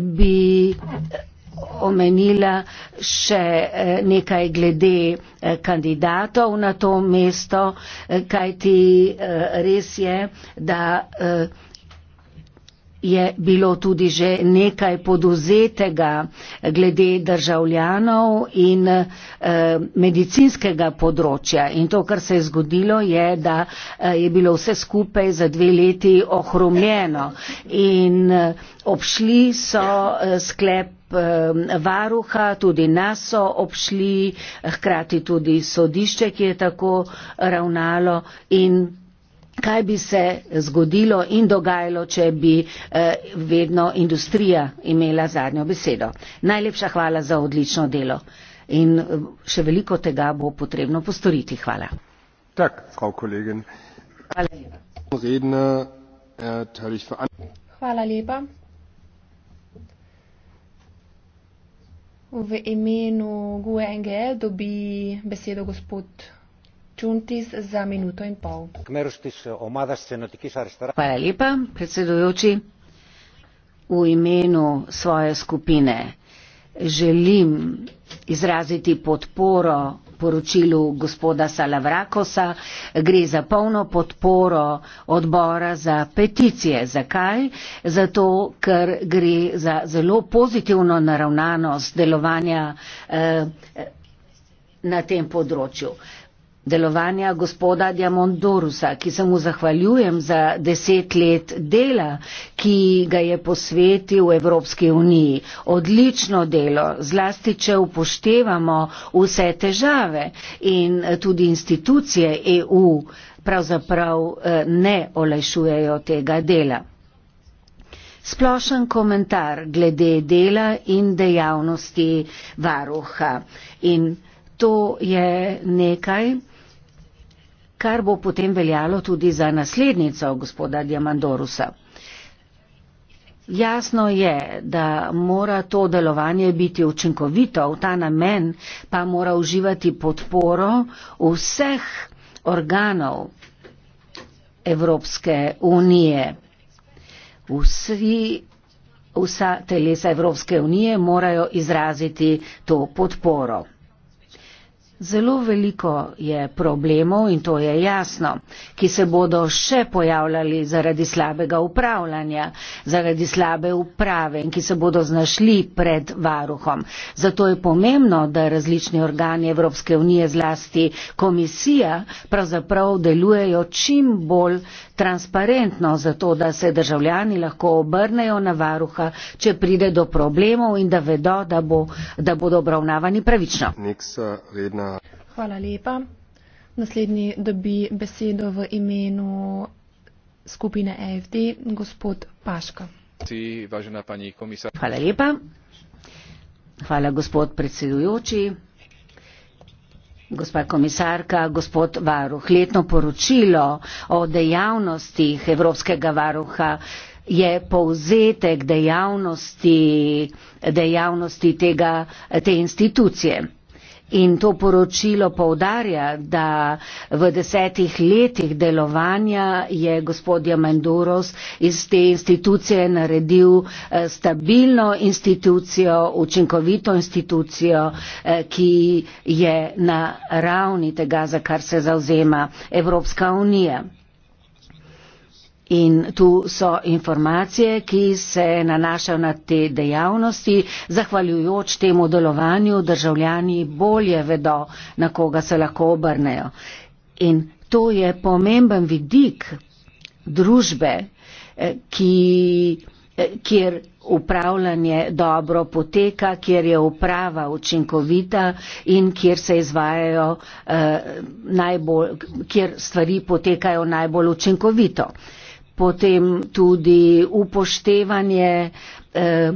bi. Eh, omenila še eh, nekaj glede eh, kandidatov na to mesto, eh, kajti res je, da je bilo tudi že nekaj poduzetega glede državljanov in e, medicinskega področja. In to, kar se je zgodilo, je, da je bilo vse skupaj za dve leti ohromljeno. In obšli so sklep Eh, varuha, tudi nas so obšli, hkrati tudi sodišče, ki je tako ravnalo in kaj bi se zgodilo in dogajalo, če bi eh, vedno industrija imela zadnjo besedo. Najlepša hvala za odlično delo in eh, še veliko tega bo potrebno postoriti. Hvala. Tak, hvala lepa. Äh, hvala lepa. V imenu Guenge e dobi besedo gospod Čuntis za minuto in pol. Hvala lepa, predsedujoči. V imenu svoje skupine želim izraziti podporo poročilu gospoda Salavrakosa, gre za polno podporo odbora za peticije. Zakaj? Zato, ker gre za zelo pozitivno naravnanost delovanja eh, na tem področju. Eh, delovanja gospoda Diamondorusa, ki se mu zahvaljujem za deset let dela, ki ga je posvetil Evropski uniji. Odlično delo, zlasti če upoštevamo vse težave in tudi institucije EU pravzaprav eh, ne olajšujejo tega dela. Splošen komentar glede dela in dejavnosti varuha. In to je nekaj, kar bo potem veljalo tudi za naslednico gospoda Diamandorusa. Jasno je, da mora to delovanje biti učinkovito, v ta namen pa mora uživati podporo vseh organov Evropske unije. Vsi, vsa telesa Evropske unije morajo izraziti to podporo. Zelo veliko je problemov in to je jasno, ki se bodo še pojavljali zaradi slabega upravljanja, zaradi slabe uprave in ki se bodo znašli pred varuhom. Zato je pomembno, da različni organi Evropske unije zlasti komisija pravzaprav delujejo čim bolj transparentno, zato da se državljani lahko obrnejo na varuha, če pride do problemov in da vedo, da, bo, da bodo obravnavani pravično. Hvala lepa. Naslednji dobi besedo v imenu skupine AFD, e gospod Paška. Hvala lepa. Hvala, gospod predsedujoči. Gospa komisarka, gospod Varuh, letno poročilo o dejavnostih Evropskega varuha je povzetek dejavnosti, dejavnosti tega, te institucije. In to poročilo povdarja, da v desetih letih delovanja je gospod Jamendoros iz te institucije naredil eh, stabilno institucijo, učinkovito institucijo, eh, ki je na ravni tega, za kar se zauzema Evropska unija. In tu so informacije, ki se nanašajo na te dejavnosti. Zahvaljujoč temu delovanju državljani bolje vedo, na koga se lahko obrnejo. In to je pomemben vidik družbe, eh, ki, eh, kjer upravljanje dobro poteka, kjer je uprava učinkovita in kjer se izvajajo eh, najbolj, kjer stvari potekajo najbolj učinkovito. Eh, potem tudi upoštevanje eh,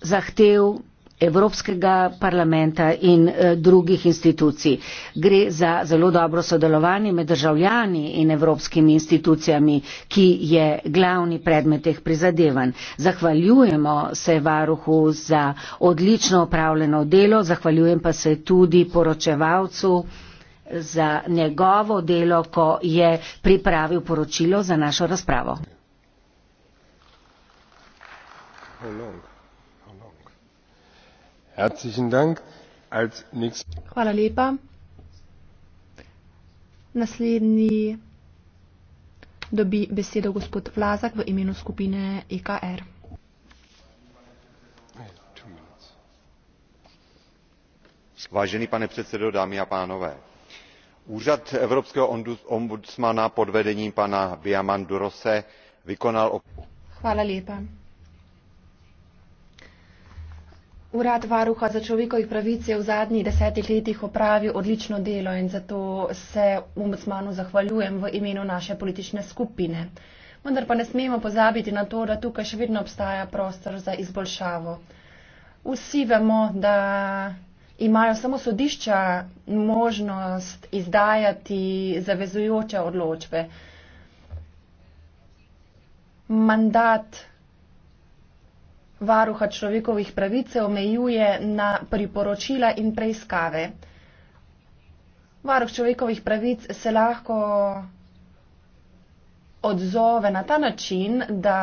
zahtev Evropskega parlamenta in eh, drugih institucij. Gre za zelo dobro sodelovanje med državljani in evropskimi institucijami, ki je glavni predmet teh prizadevanj. Zahvaljujemo se varuhu za odlično opravljeno delo, zahvaljujem pa se tudi poročevalcu za njegovo delo, ko je pripravil poročilo za našo razpravo. Hvala lepa. Naslednji dobi besedo gospod Vlazak v imenu skupine EKR. Vážený pane předsedo, dámy a pánové, úřad evropského ombudsmana pod vedením pana diamandourose vykonal. urad varuha za človekovih pravic je v zadnjih desetih letih opravil odlično delo in zato se ombudsmanu zahvaljujem v imenu naše politične skupine. vendar pa ne smemo pozabiti na to da tukaj še vedno obstaja prostor za izboljšavo. vsi vemo da imajo samo sodišča možnost izdajati zavezujoče odločbe. Mandat varuha človekovih pravic se omejuje na priporočila in preiskave. Varuh človekovih pravic se lahko odzove na ta način, da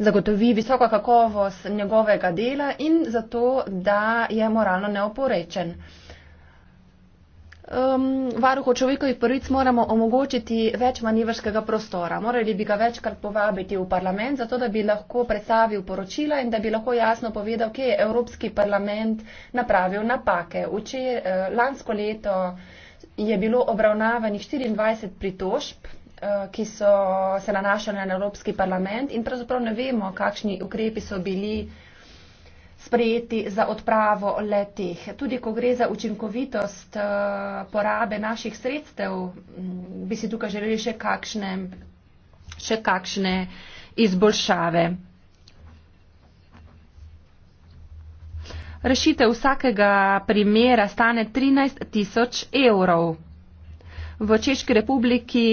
zagotovi visoko kakovost njegovega dela in zato, da je moralno neoporečen. Um, varuhu človekovih prvic moramo omogočiti več manjivrskega prostora. Morali bi ga večkrat povabiti v parlament, zato da bi lahko predstavil poročila in da bi lahko jasno povedal, kje je Evropski parlament napravil napake. Včer, eh, lansko leto je bilo obravnavanih 24 pritožb Eh, ki so se nanašali na Evropski parlament in pravzaprav ne vemo, kakšni ukrepi so bili sprejeti za odpravo letih. Tudi, ko gre za učinkovitost eh, porabe naših sredstev, mm, bi si tukaj želeli še kakšne, še kakšne izboljšave. Rešitev vsakega primera stane 13 tisoč evrov. V Češki republiki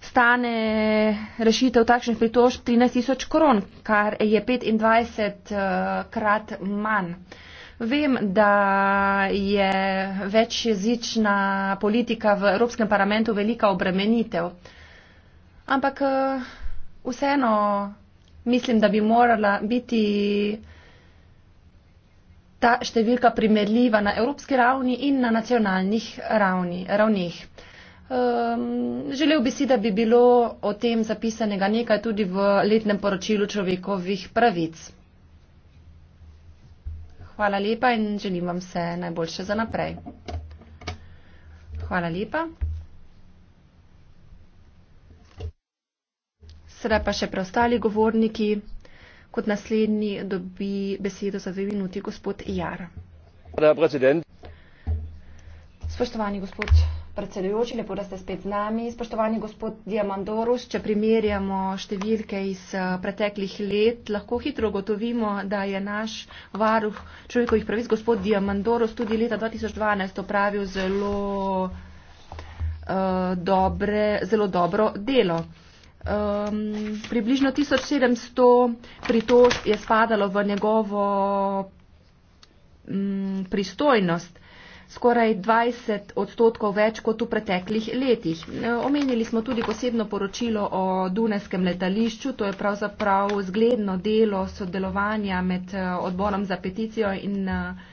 stane rešitev takšnih pritožb 13 tisoč kron, kar je 25 eh, krat manj. Vem, da je večjezična politika v Evropskem parlamentu velika obremenitev, ampak eh, vseeno mislim, da bi morala biti ta številka primerljiva na evropski ravni in na nacionalnih ravni, ravnih. Um, želel bi si, da bi bilo o tem zapisanega nekaj tudi v letnem poročilu človekovih pravic. Hvala lepa in želim vam vse najboljše za naprej. Hvala lepa. Sedaj pa še preostali govorniki. Kot naslednji dobi besedo za dve minuti gospod Jar. Spoštovani gospod predsedujoči, lepo, da ste spet z nami. Spoštovani gospod Diamandorus, če primerjamo številke iz eh, preteklih let, lahko hitro gotovimo, da je naš varuh človekovih pravic, gospod Diamandorus, tudi leta 2012 opravil zelo, uh, dobre, zelo dobro delo. Um, približno 1700 pritožb je spadalo v njegovo um, pristojnost skoraj 20 odstotkov več kot v preteklih letih. Omenili smo tudi posebno poročilo o Dunajskem letališču, to je pravzaprav zgledno delo sodelovanja med eh, odborom za peticijo in eh,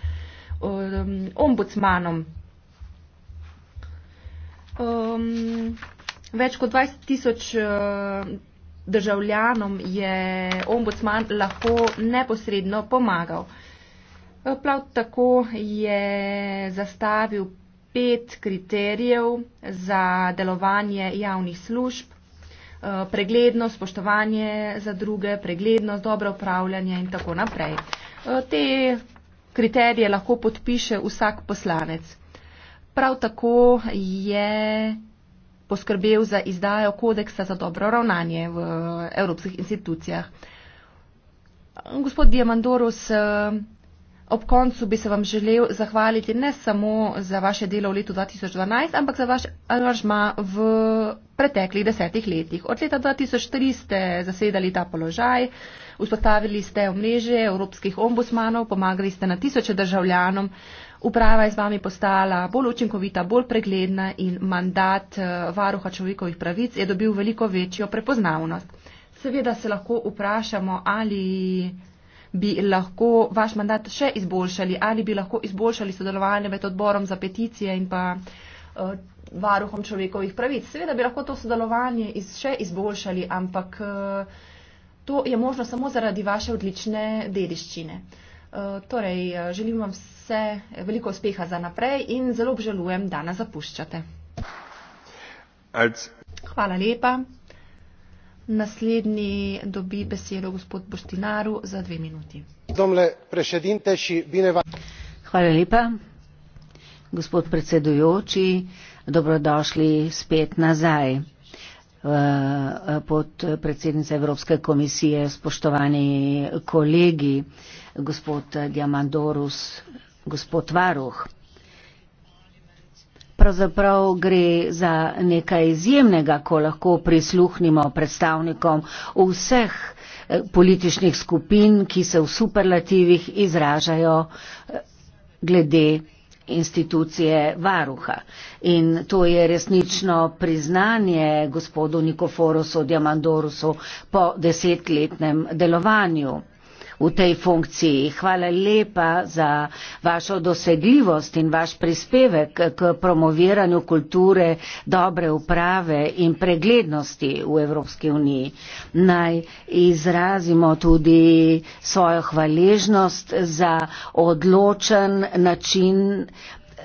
um, ombudsmanom. Um, več kot 20 tisoč eh, državljanom je ombudsman lahko neposredno pomagal. Prav tako je zastavil pet kriterijev za delovanje javnih služb. Eh, preglednost, spoštovanje za druge, preglednost, dobro upravljanje in tako naprej. Eh, te kriterije lahko podpiše vsak poslanec. Prav tako je poskrbel za izdajo kodeksa za dobro ravnanje v evropskih institucijah. Gospod Diamandorus, eh, Ob koncu bi se vam želel zahvaliti ne samo za vaše delo v letu 2012, ampak za vaš angažma v preteklih desetih letih. Od leta 2003 ste zasedali ta položaj, vzpostavili ste omrežje evropskih ombudsmanov, pomagali ste na tisoče državljanom, uprava je z vami postala bolj učinkovita, bolj pregledna in mandat eh, varuha človekovih pravic je dobil veliko večjo prepoznavnost. Seveda se lahko vprašamo, ali bi lahko vaš mandat še izboljšali ali bi lahko izboljšali sodelovanje med odborom za peticije in pa uh, varuhom človekovih pravic. Seveda bi lahko to sodelovanje iz, še izboljšali, ampak uh, to je možno samo zaradi vaše odlične dediščine. Eh, torej, želim vam vse veliko uspeha za naprej in zelo obžalujem, da nas zapuščate. Hvala lepa. Naslednji dobi besedo gospod Boštinaru za dve minuti. Hvala lepa, gospod predsedujoči, dobrodošli spet nazaj eh, pod predsednice Evropske komisije, spoštovani kolegi, gospod Diamandorus, gospod Varuh pravzaprav gre za nekaj izjemnega, ko lahko prisluhnimo predstavnikom vseh eh, političnih skupin, ki se v superlativih izražajo eh, glede institucije varuha. In to je resnično priznanje gospodu Nikoforosu Diamandorusu po desetletnem delovanju v tej funkciji. Hvala lepa za vašo dosegljivost in vaš prispevek k promoviranju kulture dobre uprave in preglednosti v Evropski uniji. Naj izrazimo tudi svojo hvaležnost za odločen način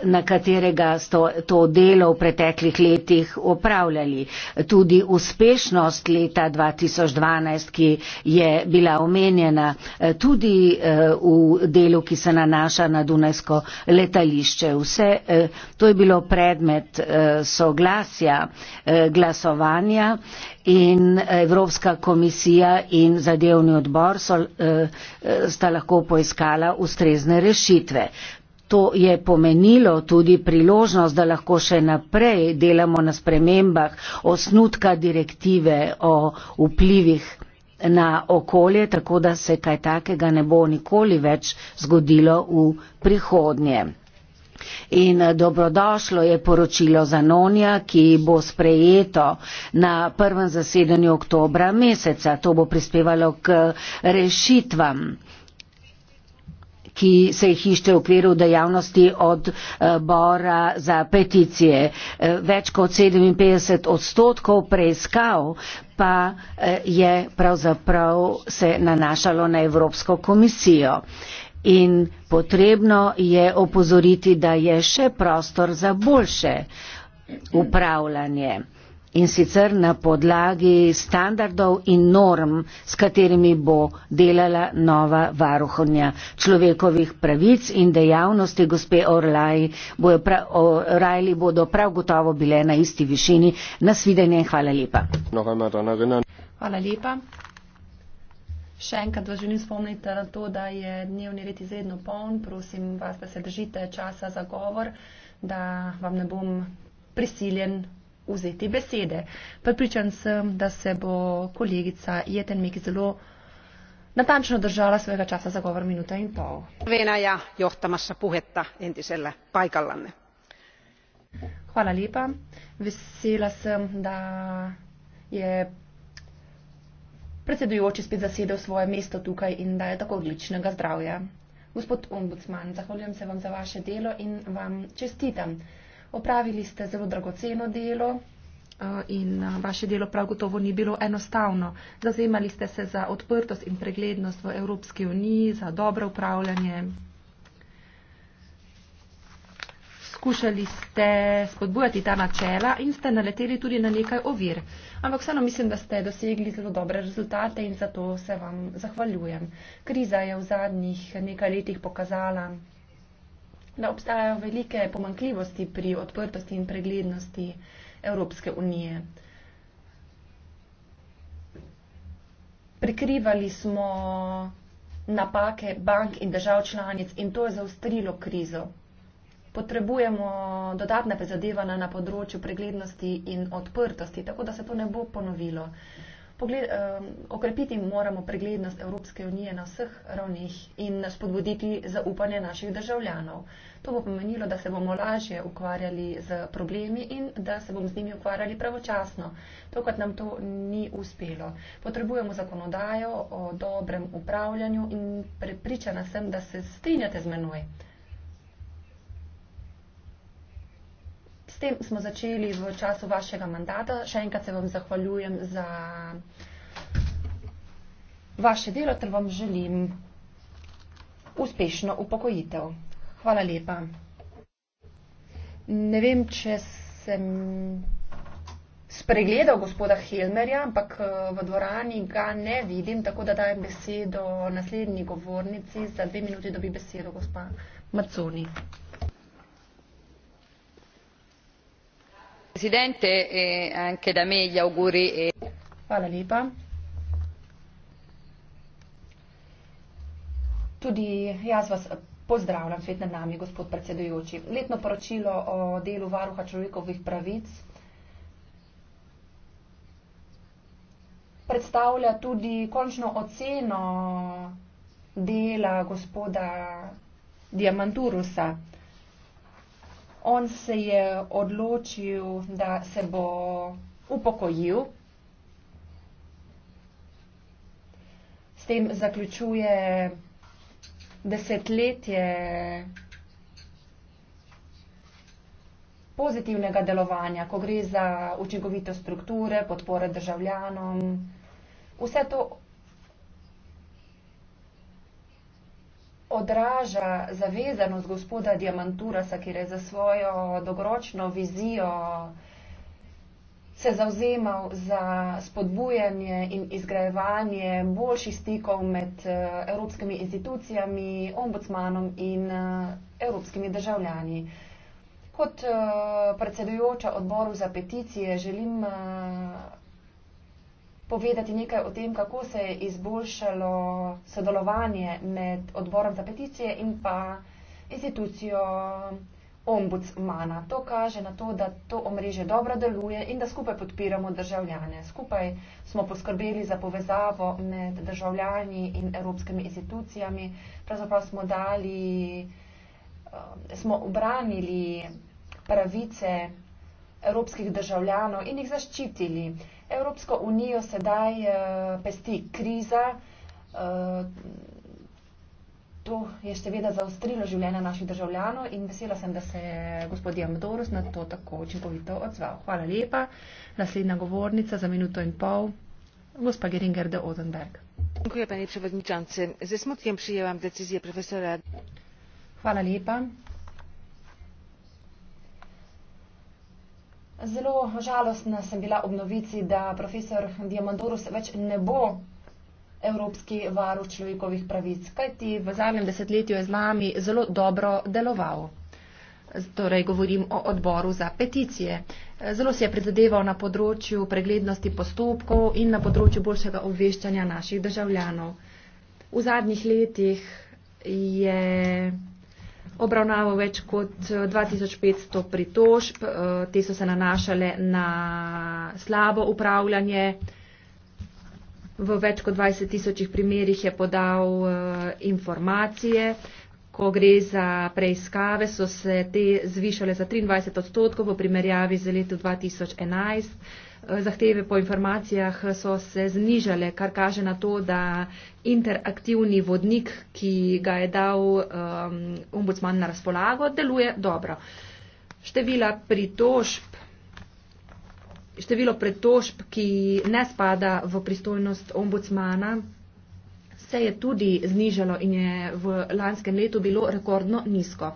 na katerega ste to delo v preteklih letih upravljali. Tudi uspešnost leta 2012, ki je bila omenjena eh, tudi eh, v delu, ki se nanaša na Dunajsko letališče. Vse eh, to je bilo predmet soglasja, glasovanja in Evropska komisija in zadevni odbor so, sta lahko poiskala ustrezne rešitve. To je pomenilo tudi priložnost, da lahko še naprej delamo na spremembah osnutka direktive o vplivih na okolje, tako da se kaj takega ne bo nikoli več zgodilo v prihodnje. In dobrodošlo je poročilo Zanonja, ki bo sprejeto na prvem zasedanju oktobra meseca. To bo prispevalo k rešitvam ki se jih išče v okviru dejavnosti odbora eh, za peticije. Eh, več kot 57 odstotkov preiskav pa eh, je pravzaprav se nanašalo na Evropsko komisijo. In potrebno je opozoriti, da je še prostor za boljše upravljanje in sicer na podlagi standardov in norm, s katerimi bo delala nova varuhonja človekovih pravic in dejavnosti gospe Orlaj, bojo pra, Orlajli bodo prav gotovo bile na isti višini. Nasvidenje in hvala lepa. Hvala lepa. Še enkrat vas želim spomniti na to, da je dnevni red izredno poln. Prosim vas, da se držite časa za govor, da vam ne bom prisiljen vzeti besede. Pripričan sem, da se bo kolegica Jetenmik zelo natančno držala svojega časa za govor minuta in pol. Venaja, johtamaša puhetta, entisele, pajkalane. Hvala lepa. Vesela sem, da je predsedujoči spet zasedel svoje mesto tukaj in da je tako odličnega zdravja. Gospod ombudsman, zahvaljujem se vam za vaše delo in vam čestitam. Opravili ste zelo dragoceno delo eh, in eh, vaše delo prav gotovo ni bilo enostavno. Zazemali ste se za odprtost in preglednost v Evropski uniji, za dobro upravljanje. Skušali ste spodbujati ta načela in ste naleteli tudi na nekaj ovir. Ampak vseeno mislim, da ste dosegli zelo dobre rezultate in zato se vam zahvaljujem. Kriza je v zadnjih nekaj letih pokazala da obstajajo velike pomankljivosti pri odprtosti in preglednosti Evropske unije. Prikrivali smo napake bank in držav članic in to je zaustrilo krizo. Potrebujemo dodatna prizadevanja na področju preglednosti in odprtosti, tako da se to ne bo ponovilo. Uh, Pogled, um, okrepiti moramo preglednost Evropske unije na vseh ravnih in spodbuditi zaupanje naših državljanov. To bo pomenilo, da se bomo lažje ukvarjali z problemi in da se bomo z njimi ukvarjali pravočasno. Tokrat nam to ni uspelo. Potrebujemo zakonodajo o dobrem upravljanju in prepričana sem, da se strinjate z menoj. tem smo začeli v času vašega mandata. Še enkrat se vam zahvaljujem za vaše delo ter vam želim uspešno upokojitev. Hvala lepa. Ne vem, če sem spregledal gospoda Helmerja, ampak v dvorani ga ne vidim, tako da dajem besedo naslednji govornici. Za dve minuti dobi besedo gospa Maconi. presidente e anche da me gli auguri. E... Hvala lepa. Tudi jaz vas pozdravljam, svet nad nami, gospod predsedujoči. Letno poročilo o delu varuha človekovih pravic predstavlja tudi končno oceno dela gospoda Diamanturusa. On se je odločil, da se bo upokojil. S tem zaključuje desetletje pozitivnega delovanja, ko gre za učinkovito strukture, podpore državljanom. Vse to odraža zavezanost gospoda Diamanturasa, ki je za svojo dolgoročno vizijo se zauzemal za spodbujanje in izgrajevanje boljših stikov med eh, evropskimi institucijami, ombudsmanom in eh, evropskimi državljani. Kot eh, predsedujoča odboru za peticije želim povedati nekaj o tem, kako se je izboljšalo sodelovanje med odborom za peticije in pa institucijo ombudsmana. To kaže na to, da to omrežje dobro deluje in da skupaj podpiramo državljane. Skupaj smo poskrbeli za povezavo med državljani in evropskimi institucijami. Pravzaprav smo dali, eh, smo obranili pravice evropskih državljanov in jih zaščitili. Evropsko unijo sedaj uh, pesti kriza. Uh, to je seveda zaostrilo življenje naših državljanov in vesela sem, da se je gospod Jamdorus na to tako učinkovito odzval. Hvala lepa. Naslednja govornica za minuto in pol. Gospa Geringer de Odenberg. Hvala lepa. Zelo žalostna sem bila ob novici, da profesor Diamandorus več ne bo Evropski varuh človekovih pravic, kajti v zadnjem desetletju je z nami zelo dobro deloval. Torej, govorim o odboru za peticije. Zelo si je prizadeval na področju preglednosti postopkov in na področju boljšega obveščanja naših državljanov. V zadnjih letih je obravnaval več kot 2500 eh, pritožb, eh, te so se nanašale na slabo upravljanje. V več kot 20 tisočih primerjih je podal eh, informacije. Ko gre za preiskave, so se te zvišale za 23 odstotkov v primerjavi z letom 2011 zahteve po informacijah so se znižale, kar kaže na to, da interaktivni vodnik, ki ga je dal um, ombudsman na razpolago, deluje dobro. Števila pritožb. Število pretožb, ki ne spada v pristojnost ombudsmana, se je tudi znižalo in je v lanskem letu bilo rekordno nizko.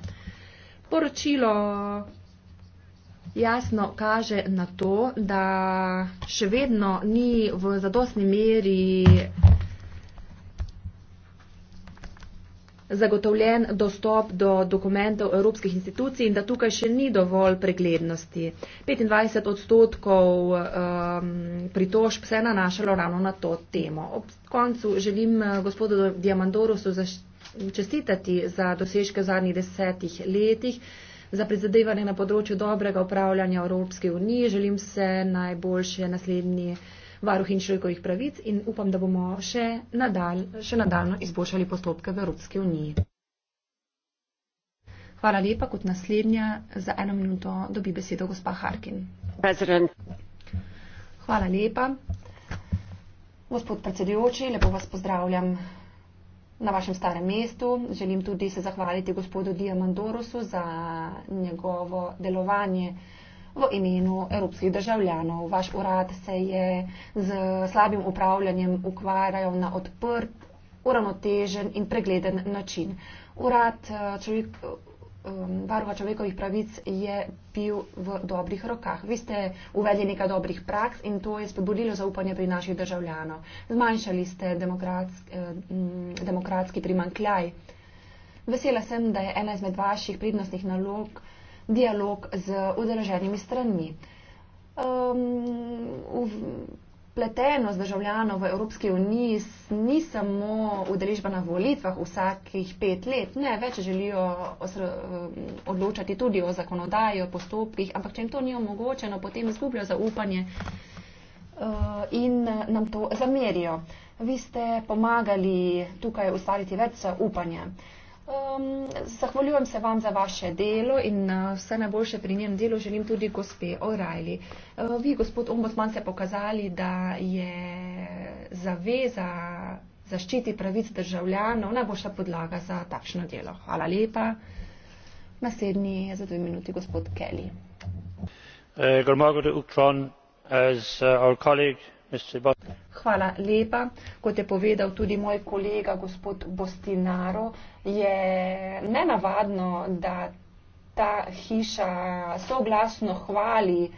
Poročilo jasno kaže na to, da še vedno ni v zadostni meri zagotovljen dostop do dokumentov evropskih institucij in da tukaj še ni dovolj preglednosti. 25 odstotkov um, pritožb se je nanašalo ravno na to temo. Ob koncu želim uh, gospodu Diamandorosu zaš- čestitati za dosežke v zadnjih desetih letih za prizadevanje na področju dobrega upravljanja Evropske unije. Želim se najboljše naslednji varuh in človekovih pravic in upam, da bomo še, nadal, še nadaljno izboljšali postopke v Evropske uniji. Hvala lepa. Kot naslednja za eno minuto dobi besedo gospa Harkin. President. Hvala lepa. Gospod predsedujoči, lepo vas pozdravljam na vašem starem mestu. Želim tudi se zahvaliti gospodu Diamandorusu za njegovo delovanje v imenu evropskih državljanov. Vaš urad se je z slabim upravljanjem ukvarjal na odprt, uravnotežen in pregleden način. Urad eh, človek um, varuha človekovih pravic je bil v dobrih rokah. Vi ste uvedli nekaj dobrih praks in to je spodbudilo zaupanje pri naših državljanov. Zmanjšali ste demokratsk, eh, mm, demokratski primankljaj. Vesela sem, da je ena izmed vaših prednostnih nalog dialog z udeleženimi stranmi. Um, Pletenost državljanov v Evropski uniji ni samo udeležba na volitvah vsakih pet let, ne več želijo eh, odločati tudi o zakonodaji, o postopkih, ampak če jim to ni omogočeno, potem izgubljajo zaupanje eh, in eh, nam to zamerijo. Vi ste pomagali tukaj ustvariti več zaupanja. Um, zahvaljujem se vam za vaše delo in eh, vse najboljše pri njem delu želim tudi gospe O'Reilly. Eh, vi, gospod Ombudsman, ste pokazali, da je zaveza zaščiti pravic državljanov najboljša podlaga za takšno delo. Hvala lepa. Naslednji je za dve minuti gospod Kelly. Uh, Hvala lepa. Kot je povedal tudi moj kolega, gospod Bostinaro, je nenavadno, da ta hiša soglasno hvali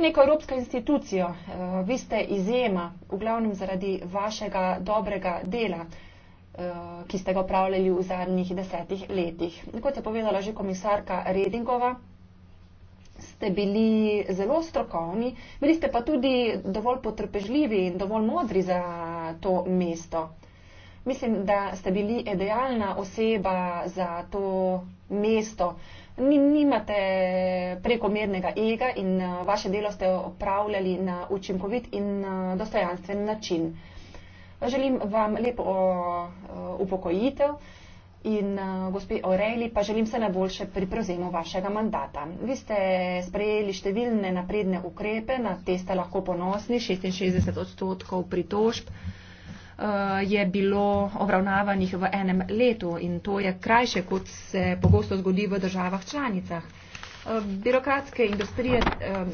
neko evropsko institucijo. Eh, vi ste izjema, v glavnem zaradi vašega dobrega dela, eh, ki ste ga upravljali v zadnjih desetih letih. Kot je povedala že komisarka Redingova, ste bili zelo strokovni, bili ste pa tudi dovolj potrpežljivi in dovolj modri za to mesto. Mislim, da ste bili idealna oseba za to mesto. Ni, nimate prekomernega ega in eh, vaše delo ste opravljali na učinkovit in eh, dostojanstven način. Želim vam lepo eh, upokojitev. In uh, gospe Orejli, pa želim se najboljše pri prevzemu vašega mandata. Vi ste sprejeli številne napredne ukrepe, na te ste lahko ponosni, 66 odstotkov pritožb eh, je bilo obravnavanih v enem letu in to je krajše, kot se pogosto zgodi v državah članicah. Eh, birokratske, eh,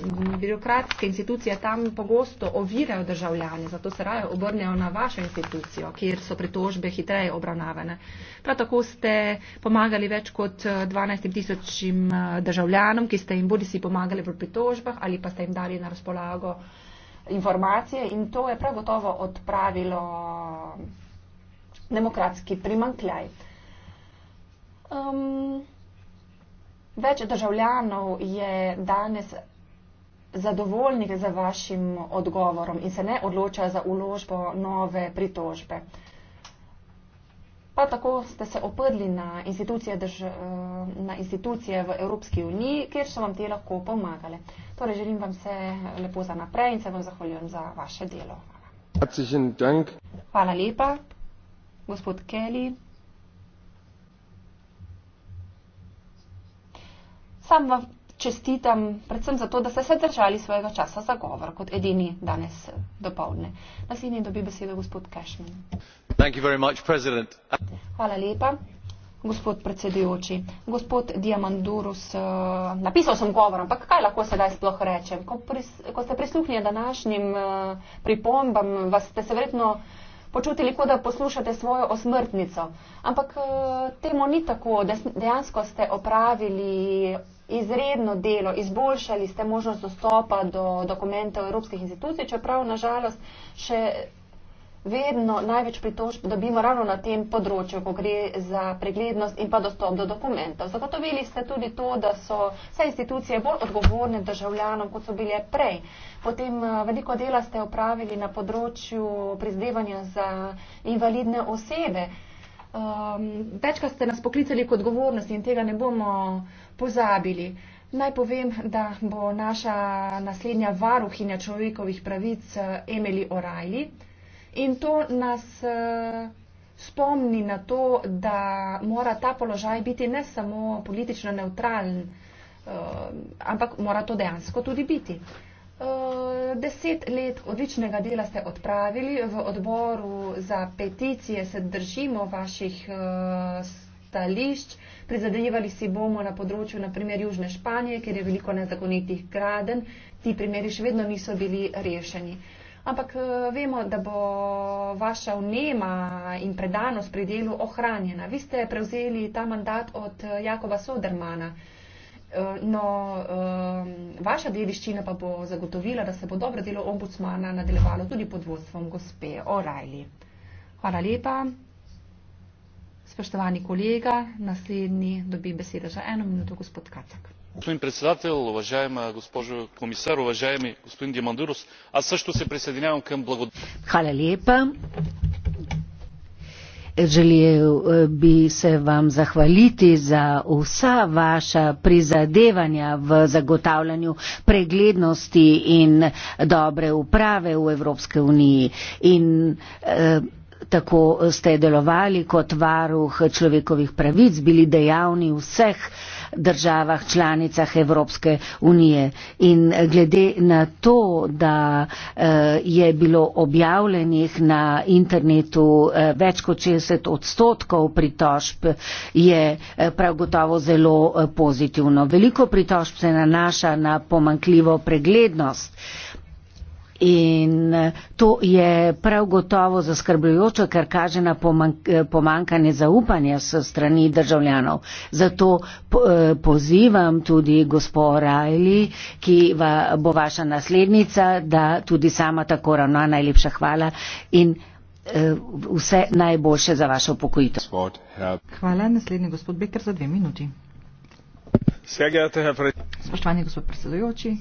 birokratske institucije tam pogosto ovirajo državljane, zato se raje obrnejo na vašo institucijo, kjer so pritožbe hitreje obravnavane. Prav tako ste pomagali več kot 12 eh, tisočim državljanom, ki ste jim bodi si pomagali v pritožbah ali pa ste jim dali na razpolago informacije in to je prav gotovo odpravilo demokratski primankljaj. Um, Več državljanov je danes zadovoljnih za vašim odgovorom in se ne odloča za uložbo nove pritožbe. Pa tako ste se oprli na institucije, drž na institucije v Evropski uniji, kjer so vam te lahko pomagale. Torej, želim vam vse lepo za naprej in se vam zahvaljujem za vaše delo. Hvala lepa, gospod Kelly. Sam vam čestitam predvsem zato, da ste se držali svojega časa za govor kot edini danes eh, dopolne. Naslednji dobi besedo gospod Cashman. Hvala lepa. Gospod predsedujoči, gospod Diamandurus, eh, napisal sem govor, ampak kaj lahko sedaj sploh rečem? Ko, pris, ko ste prisluhnili današnjim eh, pripombam, vas ste se verjetno počutili, kot da poslušate svojo osmrtnico. Ampak temu ni tako. Dejansko ste opravili izredno delo, izboljšali ste možnost dostopa do dokumentov evropskih institucij, čeprav nažalost še vedno največ pritožb dobimo ravno na tem področju, ko gre za preglednost in pa dostop do dokumentov. Zagotovili ste tudi to, da so vse institucije bolj odgovorne državljanom, kot so bile prej. Potem eh, veliko dela ste opravili na področju prizdevanja za invalidne osebe. Um, večkrat ste nas poklicali kot odgovornosti in tega ne bomo pozabili. Naj povem, da bo naša naslednja varuhinja človekovih pravic eh, Emily O'Reilly in to nas eh, spomni na to, da mora ta položaj biti ne samo politično neutralen, eh, ampak mora to dejansko tudi biti. Deset let odličnega dela ste odpravili v odboru za peticije, se držimo vaših stališč. Prizadevali si bomo na področju naprimer Južne Španije, kjer je veliko nezakonitih graden. Ti primeri še vedno niso bili rešeni. Ampak eh, vemo, da bo vaša vnema in predanost pri delu ohranjena. Vi ste prevzeli ta mandat od eh, Jakoba Sodermana. Eh, no, ehm, vaša dediščina pa bo zagotovila, da se bo dobro delo ombudsmana nadaljevalo tudi pod vodstvom gospe O'Reilly. Hvala lepa. Spoštovani kolega, naslednji dobi besedo za eno minuto, gospod Kacak. Gospodin predsedatelj, uvažajma gospođo komisar, uvažajmi gospodin Diamandouros, a sešto se presedinjavam kem blagodaj. Hvala lijepa. Želel eh, bi se vam zahvaliti za vsa vaša prizadevanja v zagotavljanju preglednosti in dobre uprave v Evropske uniji. In, eh, tako ste delovali kot varuh človekovih pravic, bili dejavni v vseh državah, članicah Evropske unije. In glede na to, da eh, je bilo objavljenih na internetu eh, več kot 60 odstotkov pritožb, je eh, prav gotovo zelo pozitivno. Veliko pritožb se nanaša na pomankljivo preglednost In eh, to je prav gotovo zaskrbljujoče, ker kaže na eh, pomankanje zaupanja s strani državljanov. Zato eh, pozivam tudi gospod Rajli, ki bo vaša naslednica, da tudi sama tako ravna. Najlepša hvala in vse najboljše za vašo pokojitev. Hvala. Naslednji gospod Beker za dve minuti. Spoštovani gospod predsedujoči,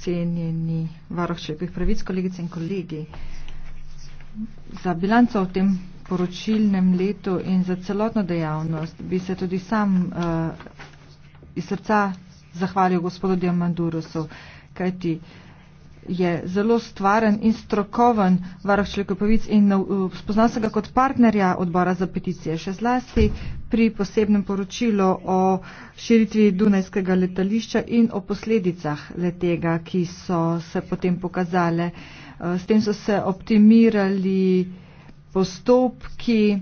cenjeni varoh človekovih pravic, kolegice in kolegi. Za bilanco v tem poročilnem letu in za celotno dejavnost bi se tudi sam uh, iz srca zahvalil gospodu Diamandurusu, kajti uh, je zelo stvaren in strokoven varuh človekovic in eh, spoznal se ga kot partnerja odbora za peticije. Še zlasti pri posebnem poročilu o širitvi Dunajskega letališča in o posledicah letega, ki so se potem pokazale. Eh, s tem so se optimirali postopki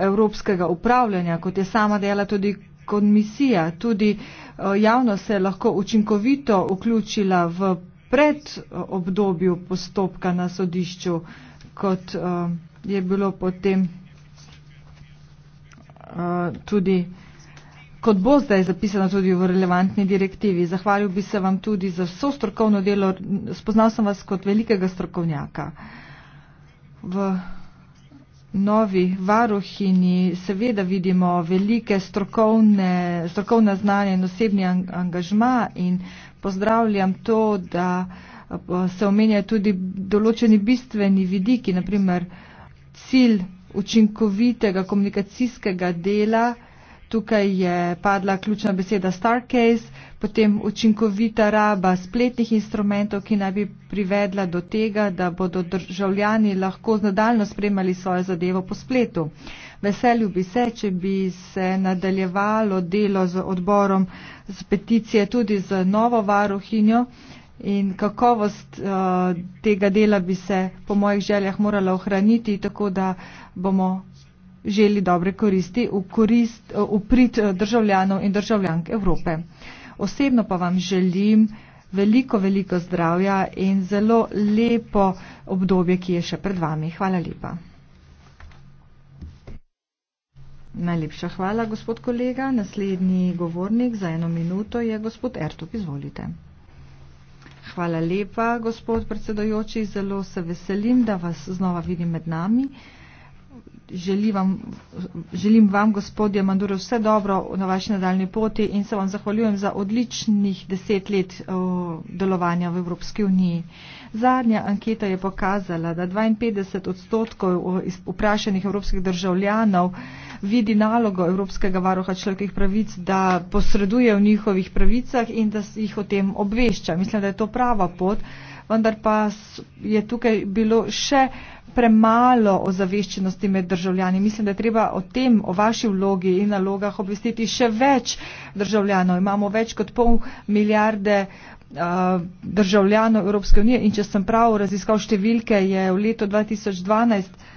evropskega upravljanja, kot je sama dejala tudi komisija. Tudi eh, javnost se je lahko učinkovito vključila v pred eh, obdobju postopka na sodišču, kot uh, je bilo potem uh, tudi, kot bo zdaj zapisano tudi v relevantni direktivi. Zahvalil bi se vam tudi za vso strokovno delo. Spoznal sem vas kot velikega strokovnjaka. V, novi varuhini seveda vidimo velike strokovne, strokovna znanja in osebni angažma in pozdravljam to, da se omenjajo tudi določeni bistveni vidiki, naprimer cilj učinkovitega komunikacijskega dela, Tukaj je padla ključna beseda Starcase, potem učinkovita raba spletnih instrumentov, ki naj bi privedla do tega, da bodo državljani lahko znadaljno spremljali svojo zadevo po spletu. Veselju bi se, če bi se nadaljevalo delo z odborom z peticije tudi z novo varuhinjo in kakovost uh, tega dela bi se po mojih željah morala ohraniti, tako da bomo želi dobre koristi v, korist, eh, v prid eh, državljanov in državljank Evrope. Osebno pa vam želim veliko, veliko zdravja in zelo lepo obdobje, ki je še pred vami. Hvala lepa. Najlepša hvala, gospod kolega. Naslednji govornik za eno minuto je gospod Ertup. Izvolite. Hvala lepa, gospod predsedojoči. Zelo se veselim, da vas znova vidim med nami želim vam, želim vam gospodje Manduro, vse dobro na vaši nadaljni poti in se vam zahvaljujem za odličnih deset let delovanja v Evropski uniji. Zadnja anketa je pokazala, da 52 odstotkov vprašanih evropskih državljanov vidi nalogo Evropskega varuha človekovih pravic, da posreduje v njihovih pravicah in da jih o tem obvešča. Mislim, da je to prava pot, vendar pa je tukaj bilo še premalo ozaveščenosti med državljani. Mislim, da je treba o tem, o vaši vlogi in nalogah obvestiti še več državljanov. Imamo več kot pol milijarde eh, državljanov Evropske unije in če sem prav raziskal številke, je v letu 2012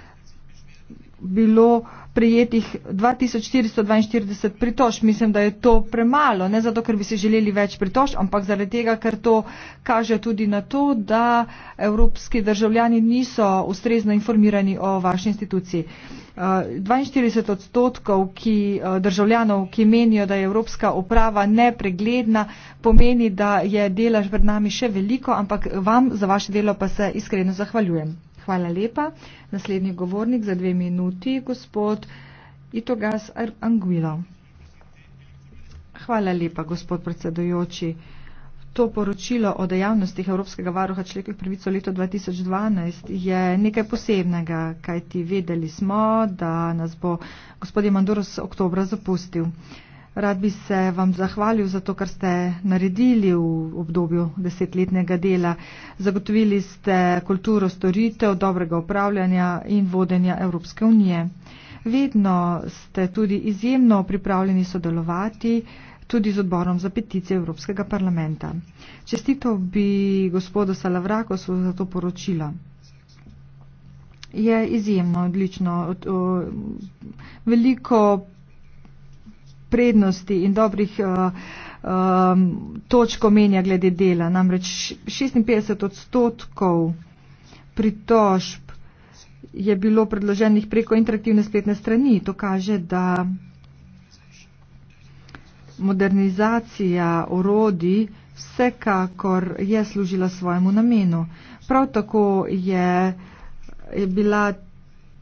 bilo prijetih 2442 pritoš. Mislim, da je to premalo, ne zato, ker bi se želeli več pritoš, ampak zaradi tega, ker to kaže tudi na to, da evropski državljani niso ustrezno informirani o vaši instituciji. 42 eh, odstotkov ki, eh, državljanov, ki menijo, da je evropska uprava nepregledna, pomeni, da je delaž pred nami še veliko, ampak vam za vaše delo pa se iskreno zahvaljujem. Hvala lepa. Naslednji govornik za dve minuti, gospod Itogas Anguilo. Hvala lepa, gospod predsedujoči. To poročilo o dejavnostih Evropskega varuha človekovih pravic v letu 2012 je nekaj posebnega, kajti vedeli smo, da nas bo gospod Mandoros oktobra zapustil. Uh, Rad bi se vam zahvalil za to, kar ste naredili v obdobju desetletnega dela. Zagotovili ste kulturo storitev, dobrega upravljanja in vodenja Evropske unije. Vedno ste tudi izjemno pripravljeni sodelovati tudi z odborom za peticije Evropskega parlamenta. Čestito bi gospodu Salavrakosu za to poročilo. Je izjemno odlično. Veliko prednosti in dobrih um, točk omenja glede dela. Namreč 56 odstotkov pritožb je bilo predloženih preko interaktivne spletne strani. To kaže, da modernizacija orodi vsekakor je služila svojemu namenu. Prav tako je, je bila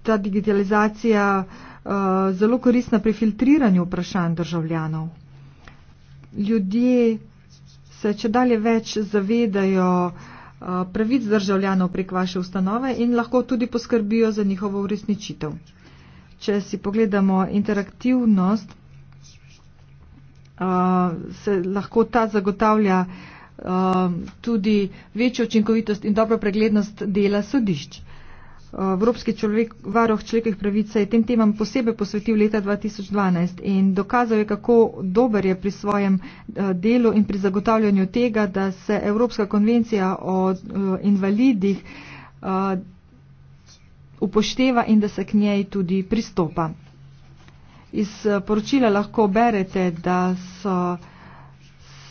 ta digitalizacija uh, Eh, zelo koristna pri filtriranju vprašanj državljanov. Ljudje se če dalje več zavedajo eh, pravic državljanov prek vaše ustanove in lahko tudi poskrbijo za njihovo uresničitev. Če si pogledamo interaktivnost, eh, se lahko ta zagotavlja tudi večjo učinkovitost in dobro preglednost dela sodišča. Eh, Evropski človek, varoh človekovih pravic se je tem temam posebej posvetil leta 2012 in dokazal je, kako dober je pri svojem eh, delu in pri zagotavljanju tega, da se Evropska konvencija o eh, invalidih upošteva in da se k njej tudi pristopa. Iz poročila lahko berete, da so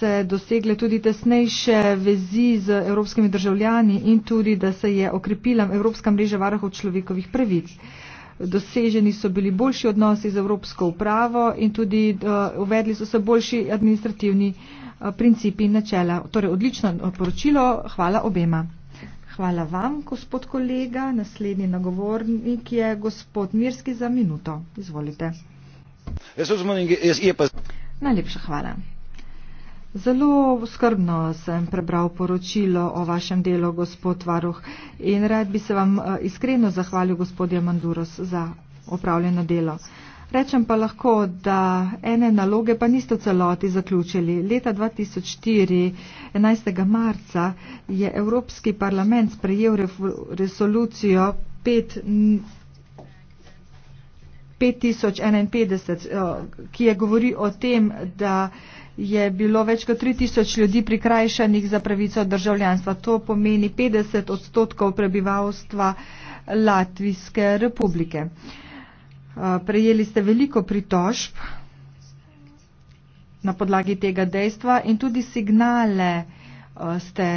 se dosegle tudi tesnejše vezi z evropskimi državljani in tudi, da se je okrepila Evropska mreža varohov človekovih pravic. Doseženi so bili boljši odnosi z Evropsko upravo in tudi uh, uvedli so se boljši administrativni uh, principi in načela. Torej, odlično eh, poročilo, hvala obema. Hvala vam, gospod kolega. Naslednji nagovornik je gospod Mirski za minuto. Izvolite. Najlepša hvala. Zelo skrbno sem prebral poročilo o vašem delu, gospod Varuh, in rad bi se vam eh, iskreno zahvalil, gospodje Manduros, za opravljeno delo. Rečem pa lahko, da ene naloge pa niste v celoti zaključili. Leta 2004, 11. marca, je Evropski parlament sprejel resolucijo 5051, eh, ki je govori o tem, da je bilo več kot 3000 ljudi prikrajšanih za pravico državljanstva. To pomeni 50 odstotkov prebivalstva Latvijske republike. Uh, prejeli ste veliko pritožb na podlagi tega dejstva in tudi signale uh, ste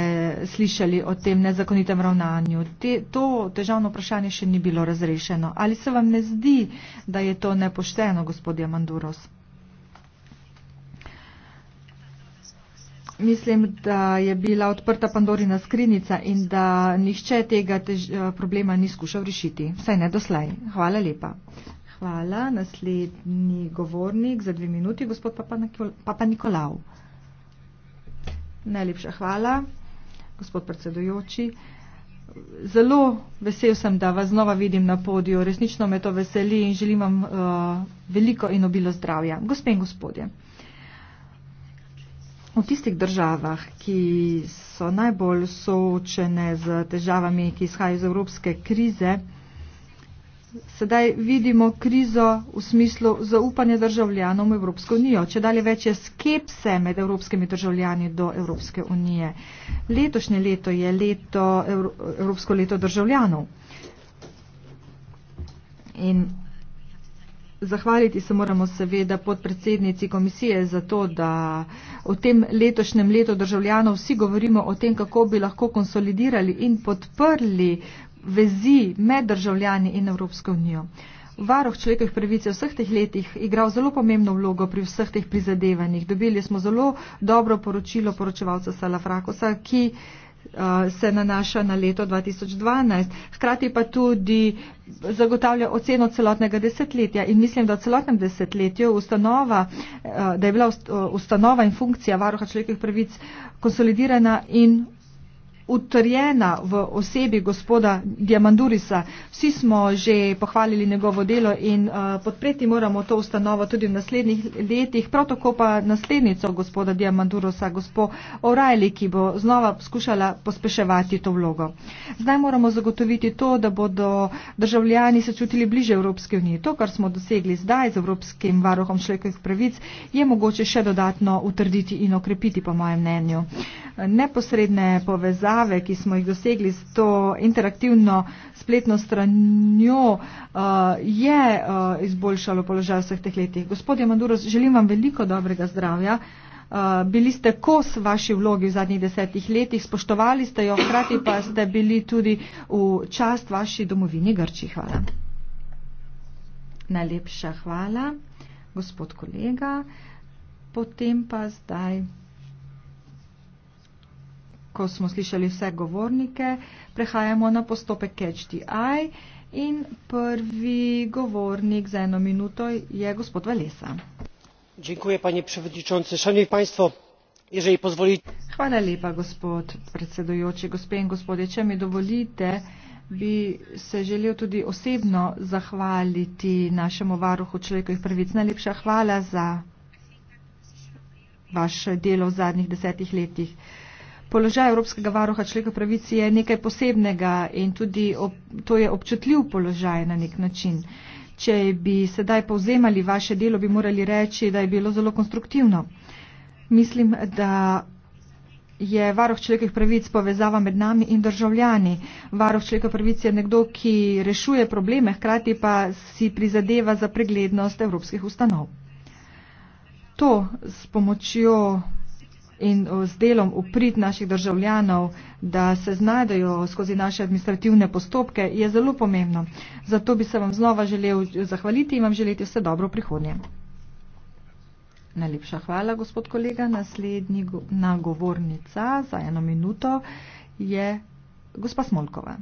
slišali o tem nezakonitem ravnanju. Te, to težavno vprašanje še ni bilo razrešeno. Ali se vam ne zdi, da je to nepošteno, gospodje Manduros? Mislim, da je bila odprta Pandorina skrinica in da nihče tega tež, eh, problema ni skušal rešiti. Vsaj ne doslej. Hvala lepa. Hvala. Naslednji govornik za dve minuti, gospod Papa Nikolav. Najlepša hvala, gospod predsedujoči. Zelo vesel sem, da vas znova vidim na podiju. Resnično me to veseli in želim vam uh, veliko in obilo zdravja. Gospe in gospodje. V tistih državah, ki so najbolj soočene z težavami, ki izhajajo iz evropske krize, sedaj vidimo krizo v smislu zaupanja državljanom v Evropsko unijo. Če dalje več je skepse med evropskimi državljani do Evropske unije. Letošnje leto je leto, evropsko leto državljanov. In Zahvaliti se moramo seveda podpredsednici komisije za to, da v tem letošnjem letu državljanov vsi govorimo o tem, kako bi lahko konsolidirali in podprli vezi med državljani in Evropsko unijo. Varoh človekovih pravic je v vseh teh letih igral zelo pomembno vlogo pri vseh teh prizadevanjih. Dobili smo zelo dobro poročilo poročevalca Salafrakosa, ki Eh, se nanaša na leto 2012. Hkrati pa tudi zagotavlja oceno celotnega desetletja in mislim, da v celotnem desetletju ustanova, eh, da je bila eh, ustanova in funkcija varuha človekovih pravic konsolidirana in utrjena v osebi gospoda Diamandurisa. Vsi smo že pohvalili njegovo delo in uh, podpreti moramo to ustanovo tudi v naslednjih letih, prav tako pa naslednico gospoda Diamandurosa, gospod O'Reilly, ki bo znova skušala pospeševati to vlogo. Zdaj moramo zagotoviti to, da bodo državljani se čutili bliže Evropske unije. To, kar smo dosegli zdaj z Evropskim varuhom človekovih pravic, je mogoče še dodatno utrditi in okrepiti, po mojem mnenju. Neposredne povezave težave, ki smo jih dosegli s to interaktivno spletno stranjo, uh, je uh, izboljšalo položaj vseh teh letih. Gospodje Maduro, želim vam veliko dobrega zdravja. Uh, bili ste kos vaši vlogi v zadnjih desetih letih, spoštovali ste jo, hkrati pa ste bili tudi v čast vaši domovini Grči. Hvala. Najlepša hvala, gospod kolega. Potem pa zdaj ko smo slišali vse govornike, prehajamo na postopek HDI in prvi govornik za eno minuto je gospod Valesa. Dziękuję, panie przewodniczący. Szanowni państwo, jeżeli pozwolicie. Hvala lepa, gospod predsedujoči, gospe in gospodje. Če mi dovolite, bi se želel tudi osebno zahvaliti našemu varuhu človekovih pravic. Najlepša hvala za vaše delo v zadnjih desetih letih. Uh, položaj Evropskega varuha človeka pravic je nekaj posebnega in tudi ob, to je občutljiv položaj na nek način. Če bi sedaj povzemali vaše delo, bi morali reči, da je bilo zelo konstruktivno. Mislim, da je varuh človekovih pravic povezava med nami in državljani. Varuh človekovih pravic je nekdo, ki rešuje probleme, hkrati pa si prizadeva za preglednost evropskih ustanov. To s pomočjo in eh, z delom uprit naših državljanov, da se znajdejo skozi naše administrativne postopke, je zelo pomembno. Zato bi se vam znova želel zahvaliti in vam želiti vse dobro v prihodnje. Najlepša hvala, gospod kolega. Naslednji nagovornica za eno minuto je gospa Smolkova.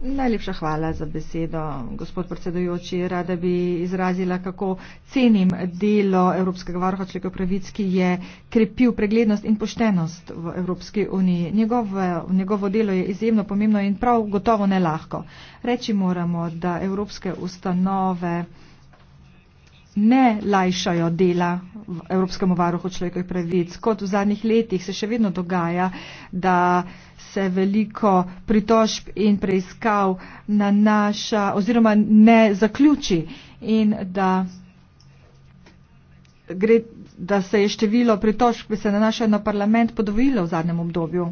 Najlepša hvala za besedo, gospod predsedujoči. Rada bi izrazila, kako cenim delo Evropskega varuha človekovih pravic, ki je krepil preglednost in poštenost v Evropski uniji. Njegovo, njegovo delo je izjemno pomembno in prav gotovo ne lahko. Reči moramo, da Evropske ustanove ne lajšajo dela Evropskemu varuhu človekovih pravic. Kot v zadnjih letih se še vedno dogaja, da se veliko pritožb in preiskav nanaša oziroma ne zaključi in da, gre, da se je število pritožb, ki se nanašajo na parlament, podvojilo v zadnjem obdobju.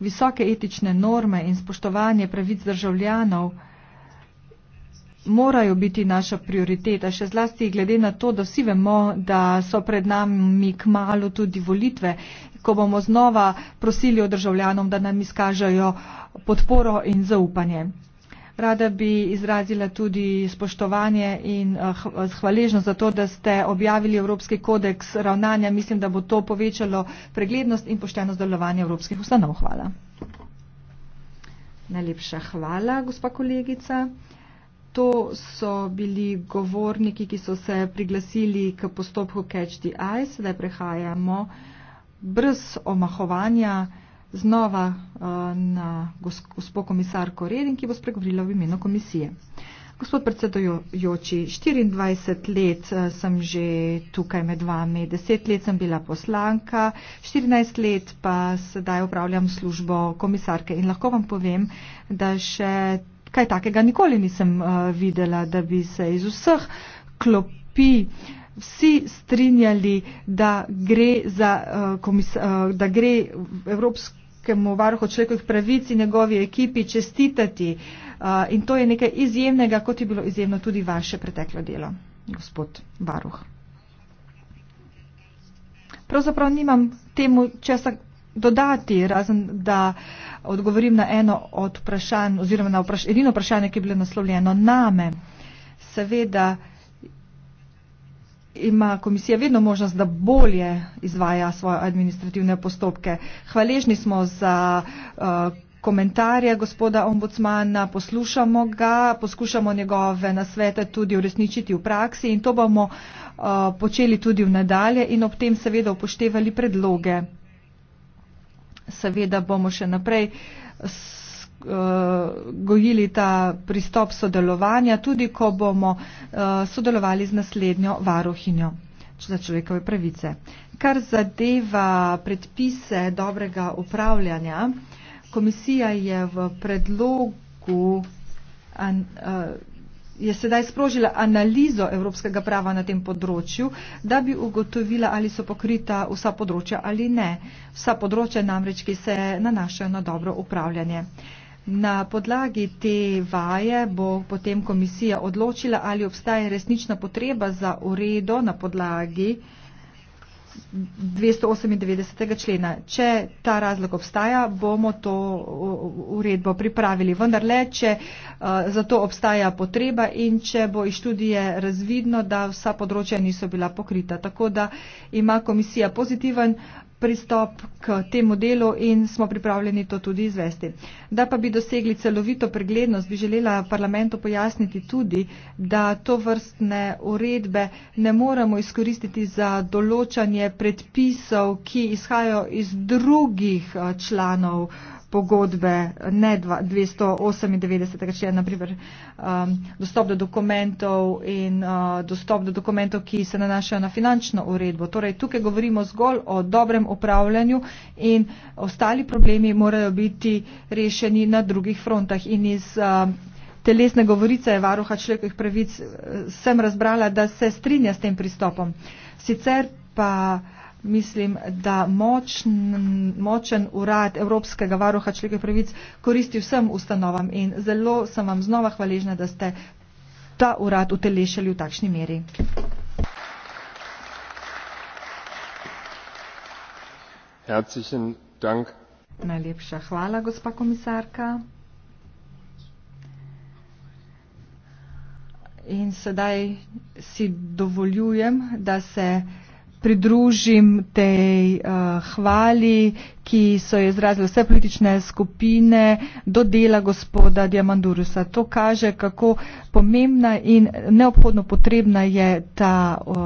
Visoke etične norme in spoštovanje pravic državljanov morajo biti naša prioriteta, še zlasti glede na to, da vsi vemo, da so pred nami k malu tudi volitve, ko bomo znova prosili o državljanom, da nam izkažajo podporo in zaupanje. Rada bi izrazila tudi spoštovanje in eh, eh, hvaležnost za to, da ste objavili Evropski kodeks ravnanja. Mislim, da bo to povečalo preglednost in pošteno zdelovanje evropskih ustanov. Hvala. Najlepša hvala, gospa kolegica to so bili govorniki, ki so se priglasili k postopku Catch the Eyes, zdaj prehajamo brez omahovanja znova eh, na gospod komisar Koredin, ki bo spregovorila v imenu komisije. Gospod predsedojoči, 24 let eh, sem že tukaj med vami, 10 let sem bila poslanka, 14 let pa sedaj upravljam službo komisarke in lahko vam povem, da še kaj takega nikoli nisem uh, videla, da bi se iz vseh klopi vsi strinjali, da gre, za, uh, komis, uh, da gre Evropskemu varuhu človekovih pravic in njegovi ekipi čestitati. Uh, in to je nekaj izjemnega, kot je bilo izjemno tudi vaše preteklo delo, gospod varuh. Pravzaprav nimam temu česa dodati, razen da odgovorim na eno od vprašanj, oziroma na vpraš edino vprašanje, ki je bilo naslovljeno name. Seveda ima komisija vedno možnost, da bolje izvaja svoje administrativne postopke. Hvaležni smo za uh, komentarje gospoda ombudsmana, poslušamo ga, poskušamo njegove nasvete tudi uresničiti v praksi in to bomo uh, počeli tudi v nadalje in ob tem seveda upoštevali predloge seveda bomo še naprej s, uh, gojili ta pristop sodelovanja, tudi ko bomo uh, sodelovali z naslednjo varuhinjo za človekove pravice. Kar zadeva predpise dobrega upravljanja, komisija je v predlogu. An, uh, je sedaj sprožila analizo evropskega prava na tem področju, da bi ugotovila, ali so pokrita vsa področja ali ne. Vsa področja namreč, ki se nanašajo na dobro upravljanje. Na podlagi te vaje bo potem komisija odločila, ali obstaja resnična potreba za uredo na podlagi 298. člena. Če ta razlog obstaja, bomo to uredbo pripravili. Vendar le, če uh, za to obstaja potreba in če bo iz študije razvidno, da vsa področja niso bila pokrita. Tako da ima komisija pozitiven pristop k temu delu in smo pripravljeni to tudi izvesti. Da pa bi dosegli celovito preglednost, bi želela parlamentu pojasniti tudi, da to vrstne uredbe ne moremo izkoristiti za določanje predpisov, ki izhajajo iz drugih eh, članov pogodbe, ne 298. člena, um, dostop do dokumentov in uh, dostop do dokumentov, ki se nanašajo na finančno uredbo. Torej, tukaj govorimo zgolj o dobrem upravljanju in ostali problemi morajo biti rešeni na drugih frontah. In iz um, telesne govorice varuha človekovih pravic uh, sem razbrala, da se strinja s tem pristopom. Sicer pa mislim, da močn, močen urad Evropskega varuha človekovih pravic koristi vsem ustanovam in zelo sem vam znova hvaležna, da ste ta urad utelešali v takšni meri. Herzlichen Dank. Najlepša hvala, gospa komisarka. In sedaj si dovoljujem, da se pridružim tej uh, hvali, ki so jo izrazile vse politične skupine do dela gospoda Diamandurusa. To kaže, kako pomembna in neobhodno potrebna je ta uh,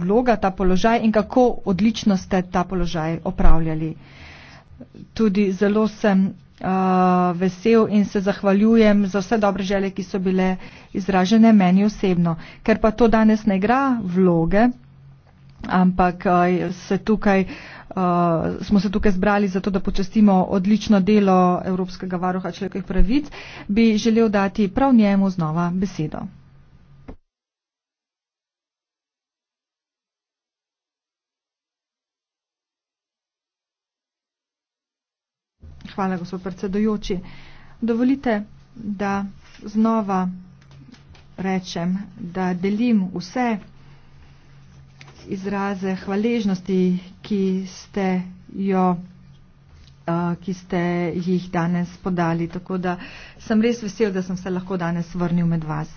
vloga, ta položaj in kako odlično ste ta položaj opravljali. Tudi zelo sem uh, vesel in se zahvaljujem za vse dobre želje, ki so bile izražene meni osebno. Ker pa to danes ne igra vloge, ampak eh, se tukaj, eh, smo se tukaj zbrali zato, da počastimo odlično delo Evropskega varuha človekovih pravic, bi želel dati prav njemu znova besedo. Hvala, gospod predsedojoči. Dovolite, da znova rečem, da delim vse izraze hvaležnosti, ki ste, jo, uh, ki ste jih danes podali. Tako da sem res vesel, da sem se lahko danes vrnil med vas.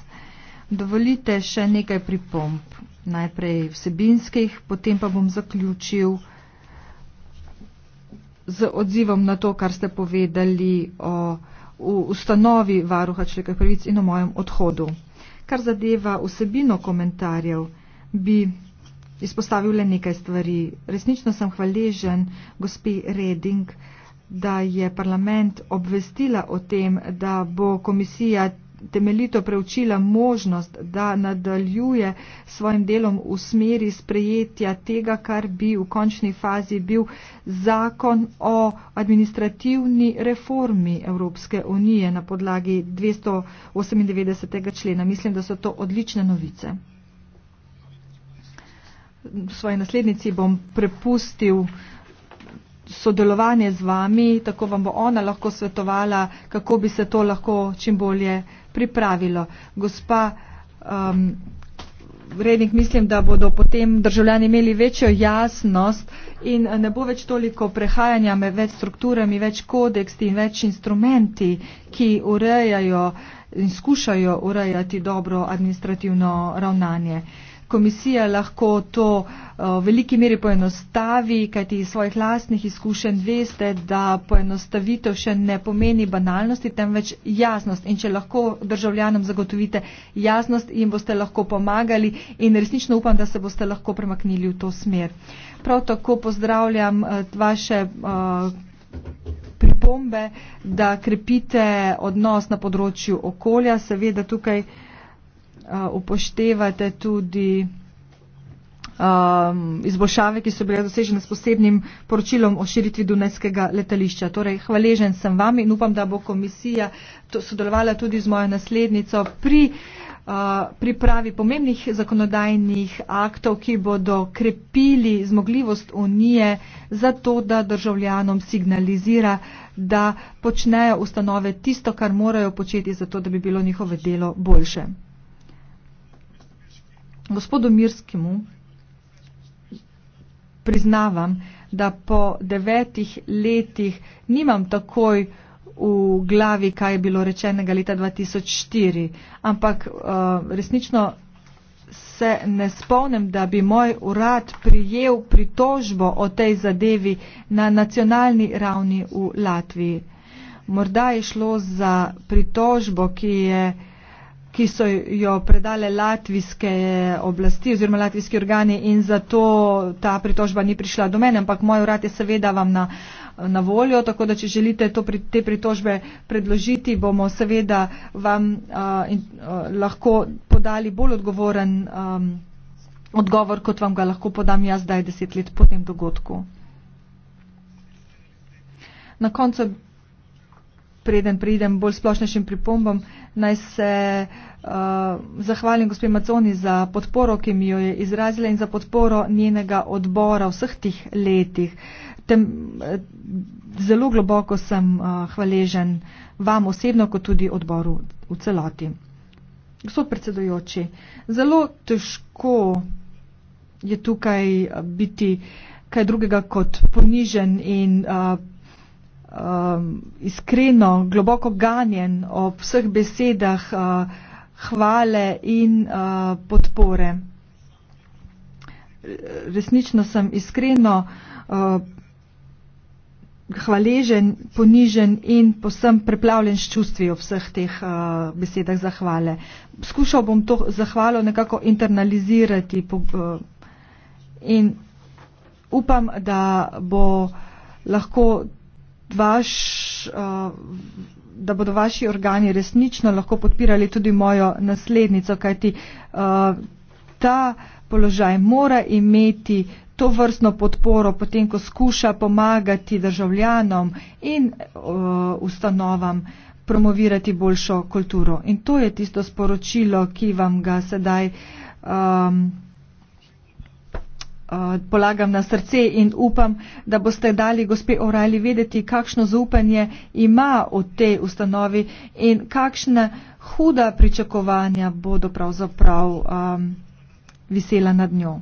Dovolite še nekaj pripomp, najprej vsebinskih, potem pa bom zaključil z odzivom na to, kar ste povedali o ustanovi varuha človekovih pravic in o mojem odhodu. Kar zadeva vsebino komentarjev, bi izpostavil le nekaj stvari. Resnično sem hvaležen gospi Reding, da je parlament obvestila o tem, da bo komisija temeljito preučila možnost, da nadaljuje svojim delom v smeri sprejetja tega, kar bi v končni fazi bil zakon o administrativni reformi Evropske unije na podlagi 298. člena. Mislim, da so to odlične novice svoji naslednici bom prepustil sodelovanje z vami, tako vam bo ona lahko svetovala, kako bi se to lahko čim bolje pripravilo. Gospa um, Rednik, mislim, da bodo potem državljani imeli večjo jasnost in ne bo več toliko prehajanja med več strukturami, več kodeksti in več instrumenti, ki urejajo in skušajo urejati dobro administrativno ravnanje. Uh, komisija lahko to eh, v veliki meri poenostavi, kajti iz svojih lastnih izkušenj veste, da poenostavitev še ne pomeni banalnosti, temveč jasnost. In če lahko državljanom zagotovite jasnost, jim boste lahko pomagali in resnično upam, da se boste lahko premaknili v to smer. Prav tako pozdravljam eh, vaše eh, pripombe, da krepite odnos na področju okolja. Seveda tukaj upoštevate tudi um, izboljšave, ki so bile dosežene s posebnim poročilom o širitvi Dunajskega letališča. Torej, hvaležen sem vam in upam, da bo komisija sodelovala tudi z mojo naslednico pri uh, pripravi pomembnih zakonodajnih aktov, ki bodo krepili zmogljivost Unije za to, da državljanom signalizira da počnejo ustanove tisto, kar morajo početi, zato da bi bilo njihove delo boljše gospodu Mirskemu priznavam, da po devetih letih nimam takoj v glavi, kaj je bilo rečenega leta 2004, ampak uh, resnično se ne spomnim, da bi moj urad prijel pritožbo o tej zadevi na nacionalni ravni v Latviji. Morda je šlo za pritožbo, ki je uh, ki so jo predale latvijske oblasti oziroma latvijski organi in zato ta pritožba ni prišla do mene, ampak moj urad je seveda vam na, na voljo, tako da če želite to, te pritožbe predložiti, bomo seveda vam uh, in, uh, lahko podali bolj odgovoren um, odgovor, kot vam ga lahko podam jaz zdaj deset let po tem dogodku. Na koncu preden pridem bolj splošnejšim pripombom, naj se uh, zahvalim gospe Maconi za podporo, ki mi jo je izrazila in za podporo njenega odbora vseh tih letih. Tem, eh, zelo globoko sem uh, hvaležen vam osebno, kot tudi odboru v celoti. Gospod predsedujoči, zelo težko je tukaj biti kaj drugega kot ponižen in uh, um, iskreno, globoko ganjen ob vseh besedah uh, hvale in uh, podpore. Resnično sem iskreno uh, hvaležen, ponižen in posem preplavljen s čustvi o vseh teh uh, besedah zahvale. Skušal bom to zahvalo nekako internalizirati po, uh, in upam, da bo lahko vaš, uh, da bodo vaši organi resnično lahko podpirali tudi mojo naslednico, kajti uh, ta položaj mora imeti to vrstno podporo, potem ko skuša pomagati državljanom in uh, ustanovam promovirati boljšo kulturo. In to je tisto sporočilo, ki vam ga sedaj. Um, Eh, polagam na srce in upam, da boste dali gospe Orali vedeti, kakšno zaupanje ima v tej ustanovi in kakšna huda pričakovanja bodo pravzaprav um, visela nad njo.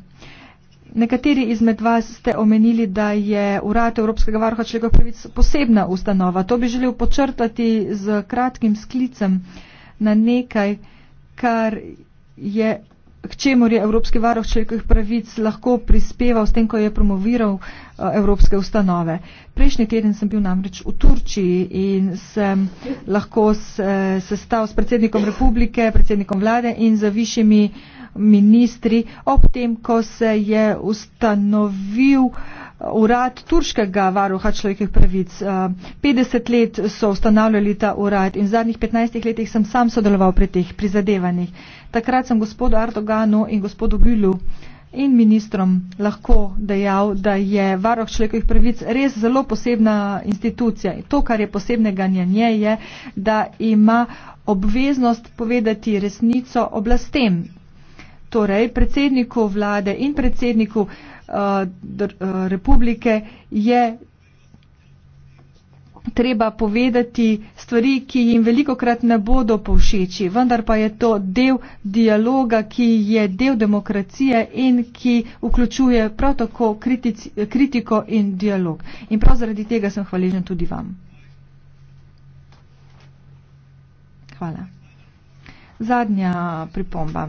Nekateri izmed vas ste omenili, da je Urad Evropskega varuha človekovih pravic posebna ustanova. To bi želel počrtati z kratkim sklicem na nekaj, kar je k čemur je Evropski varuh človekovih pravic lahko prispeval s tem, ko je promoviral eh, evropske ustanove. Prejšnji teden sem bil namreč v Turčiji in sem lahko sestal s predsednikom republike, predsednikom vlade in za višjimi ministri, ob tem, ko se je ustanovil uh, urad turškega varuha človekovih pravic. 50 eh, let so ustanavljali ta urad in v zadnjih 15 letih sem sam sodeloval pri teh prizadevanjih. Takrat sem gospodu Ardoganu in gospodu Gülu in ministrom lahko dejal, da je varuh človekovih pravic res zelo posebna institucija. To, kar je posebnega njenje, je, da ima obveznost povedati resnico oblastem. Torej, predsedniku vlade in predsedniku uh, Eh, eh, republike, je treba povedati stvari, ki jim veliko krat ne bodo povšeči, vendar pa je to del dialoga, ki je del demokracije in ki vključuje prav tako kritic, kritiko in dialog. In prav zaradi tega sem hvaležen tudi vam. Hvala. Zadnja pripomba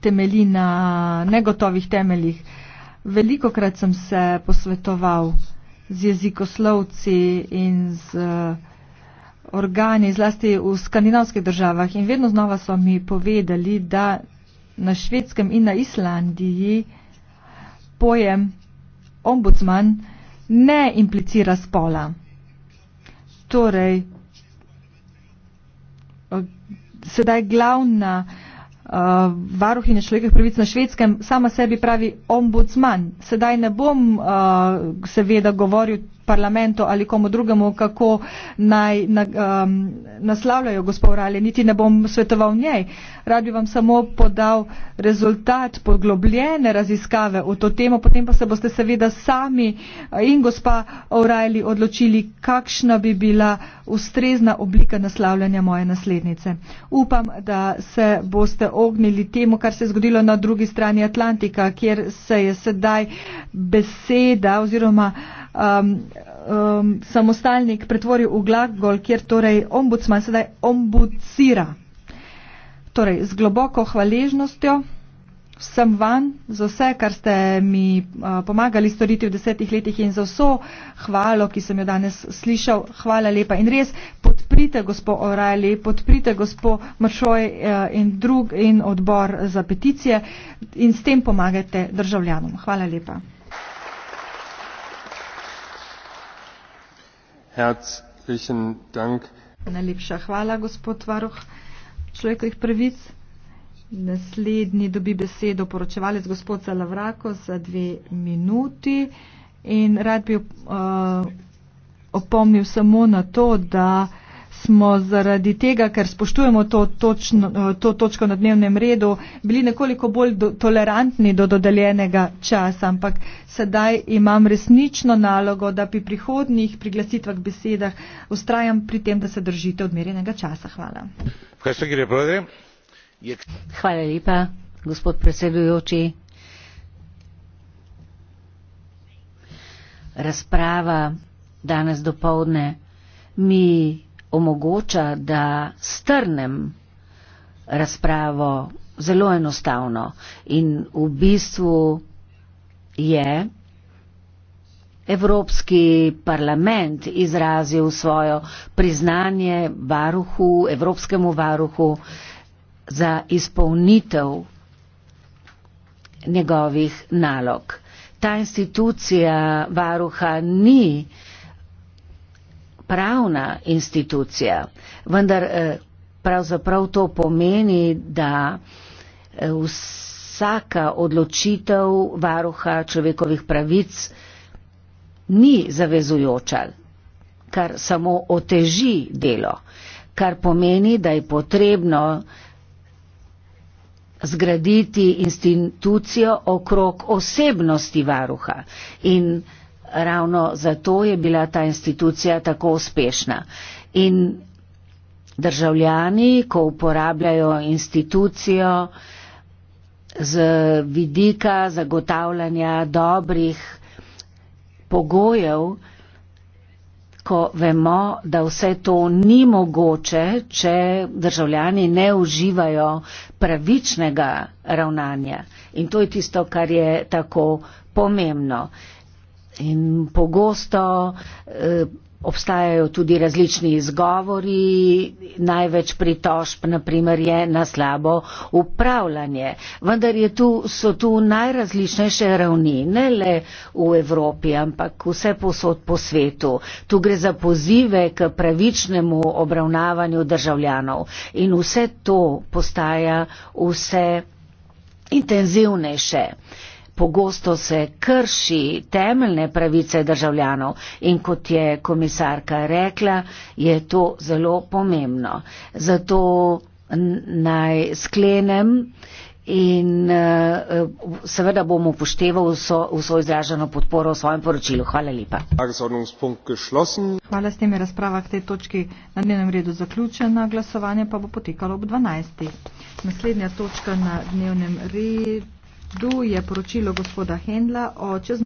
temelji na negotovih temeljih. Veliko krat sem se posvetoval z jezikoslovci in z eh, organi, zlasti v skandinavskih državah in vedno znova so mi povedali, da na švedskem in na Islandiji pojem ombudsman ne implicira spola. Torej, eh, sedaj glavna uh, uh, eh, varuhinje človekovih pravic na švedskem, sama sebi pravi ombudsman. Sedaj ne bom uh, seveda govoril parlamentu ali komu drugemu, kako naj na, um, naslavljajo gospod Uralje. Niti ne bom svetoval njej. Rad bi vam samo podal rezultat poglobljene raziskave o to temo, potem pa se boste seveda sami in gospa Uralje odločili, kakšna bi bila ustrezna oblika naslavljanja moje naslednice. Upam, da se boste ognili temu, kar se je zgodilo na drugi strani Atlantika, kjer se je sedaj beseda oziroma uh, um, um, samostalnik pretvoril v glagol, kjer torej ombudsman sedaj ombucira. Torej, z globoko hvaležnostjo sem van za vse, kar ste mi uh, pomagali storiti v desetih letih in za vso hvalo, ki sem jo danes slišal. Hvala lepa in res podprite gospod Orali, podprite gospod Mršoj uh, in, drug, in odbor za peticije in s tem pomagajte državljanom. Hvala lepa. Najlepša hvala, gospod varuh človekovih pravic. Naslednji dobi besedo poročevalec gospod Zalavrako za dve minuti in rad bi uh, opomnil samo na to, da uh, smo zaradi tega, ker spoštujemo to, točno, to točko na dnevnem redu, bili nekoliko bolj do, tolerantni do dodeljenega časa, ampak sedaj imam resnično nalogo, da pri prihodnih priglasitvah besedah ustrajam pri tem, da se držite odmerjenega časa. Hvala. Hvala lepa, gospod predsedujoči. Razprava danes dopovdne mi omogoča, da strnem razpravo zelo enostavno in v bistvu je Evropski parlament izrazil svojo priznanje varuhu, Evropskemu varuhu za izpolnitev njegovih nalog. Ta institucija varuha ni uh, pravna institucija, vendar eh, pravzaprav to pomeni, da eh, vsaka odločitev varuha človekovih pravic ni zavezujoča, kar samo oteži delo, kar pomeni, da je potrebno zgraditi institucijo okrog osebnosti varuha in ravno zato je bila ta institucija tako uspešna. In državljani, ko uporabljajo institucijo z vidika zagotavljanja dobrih pogojev, ko vemo, da vse to ni mogoče, če državljani ne uživajo pravičnega ravnanja. In to je tisto, kar je tako pomembno. In pogosto eh, obstajajo tudi različni izgovori, največ pritožb naprimer je na slabo upravljanje. Vendar tu, so tu najrazličnejše ravni, ne le v Evropi, ampak vse posod po svetu. Tu gre za pozive k pravičnemu obravnavanju državljanov in vse to postaja vse intenzivnejše. Uh, pogosto se krši temeljne pravice državljanov in kot je komisarka rekla, je to zelo pomembno. Zato naj sklenem in eh, seveda bom upošteval vso, vso izraženo podporo v svojem poročilu. Hvala lepa. Hvala, s tem je razprava k tej točki na dnevnem redu zaključena, glasovanje pa bo potekalo ob 12. Naslednja točka na dnevnem redu. Tu je poročilo gospoda Hendla o čez.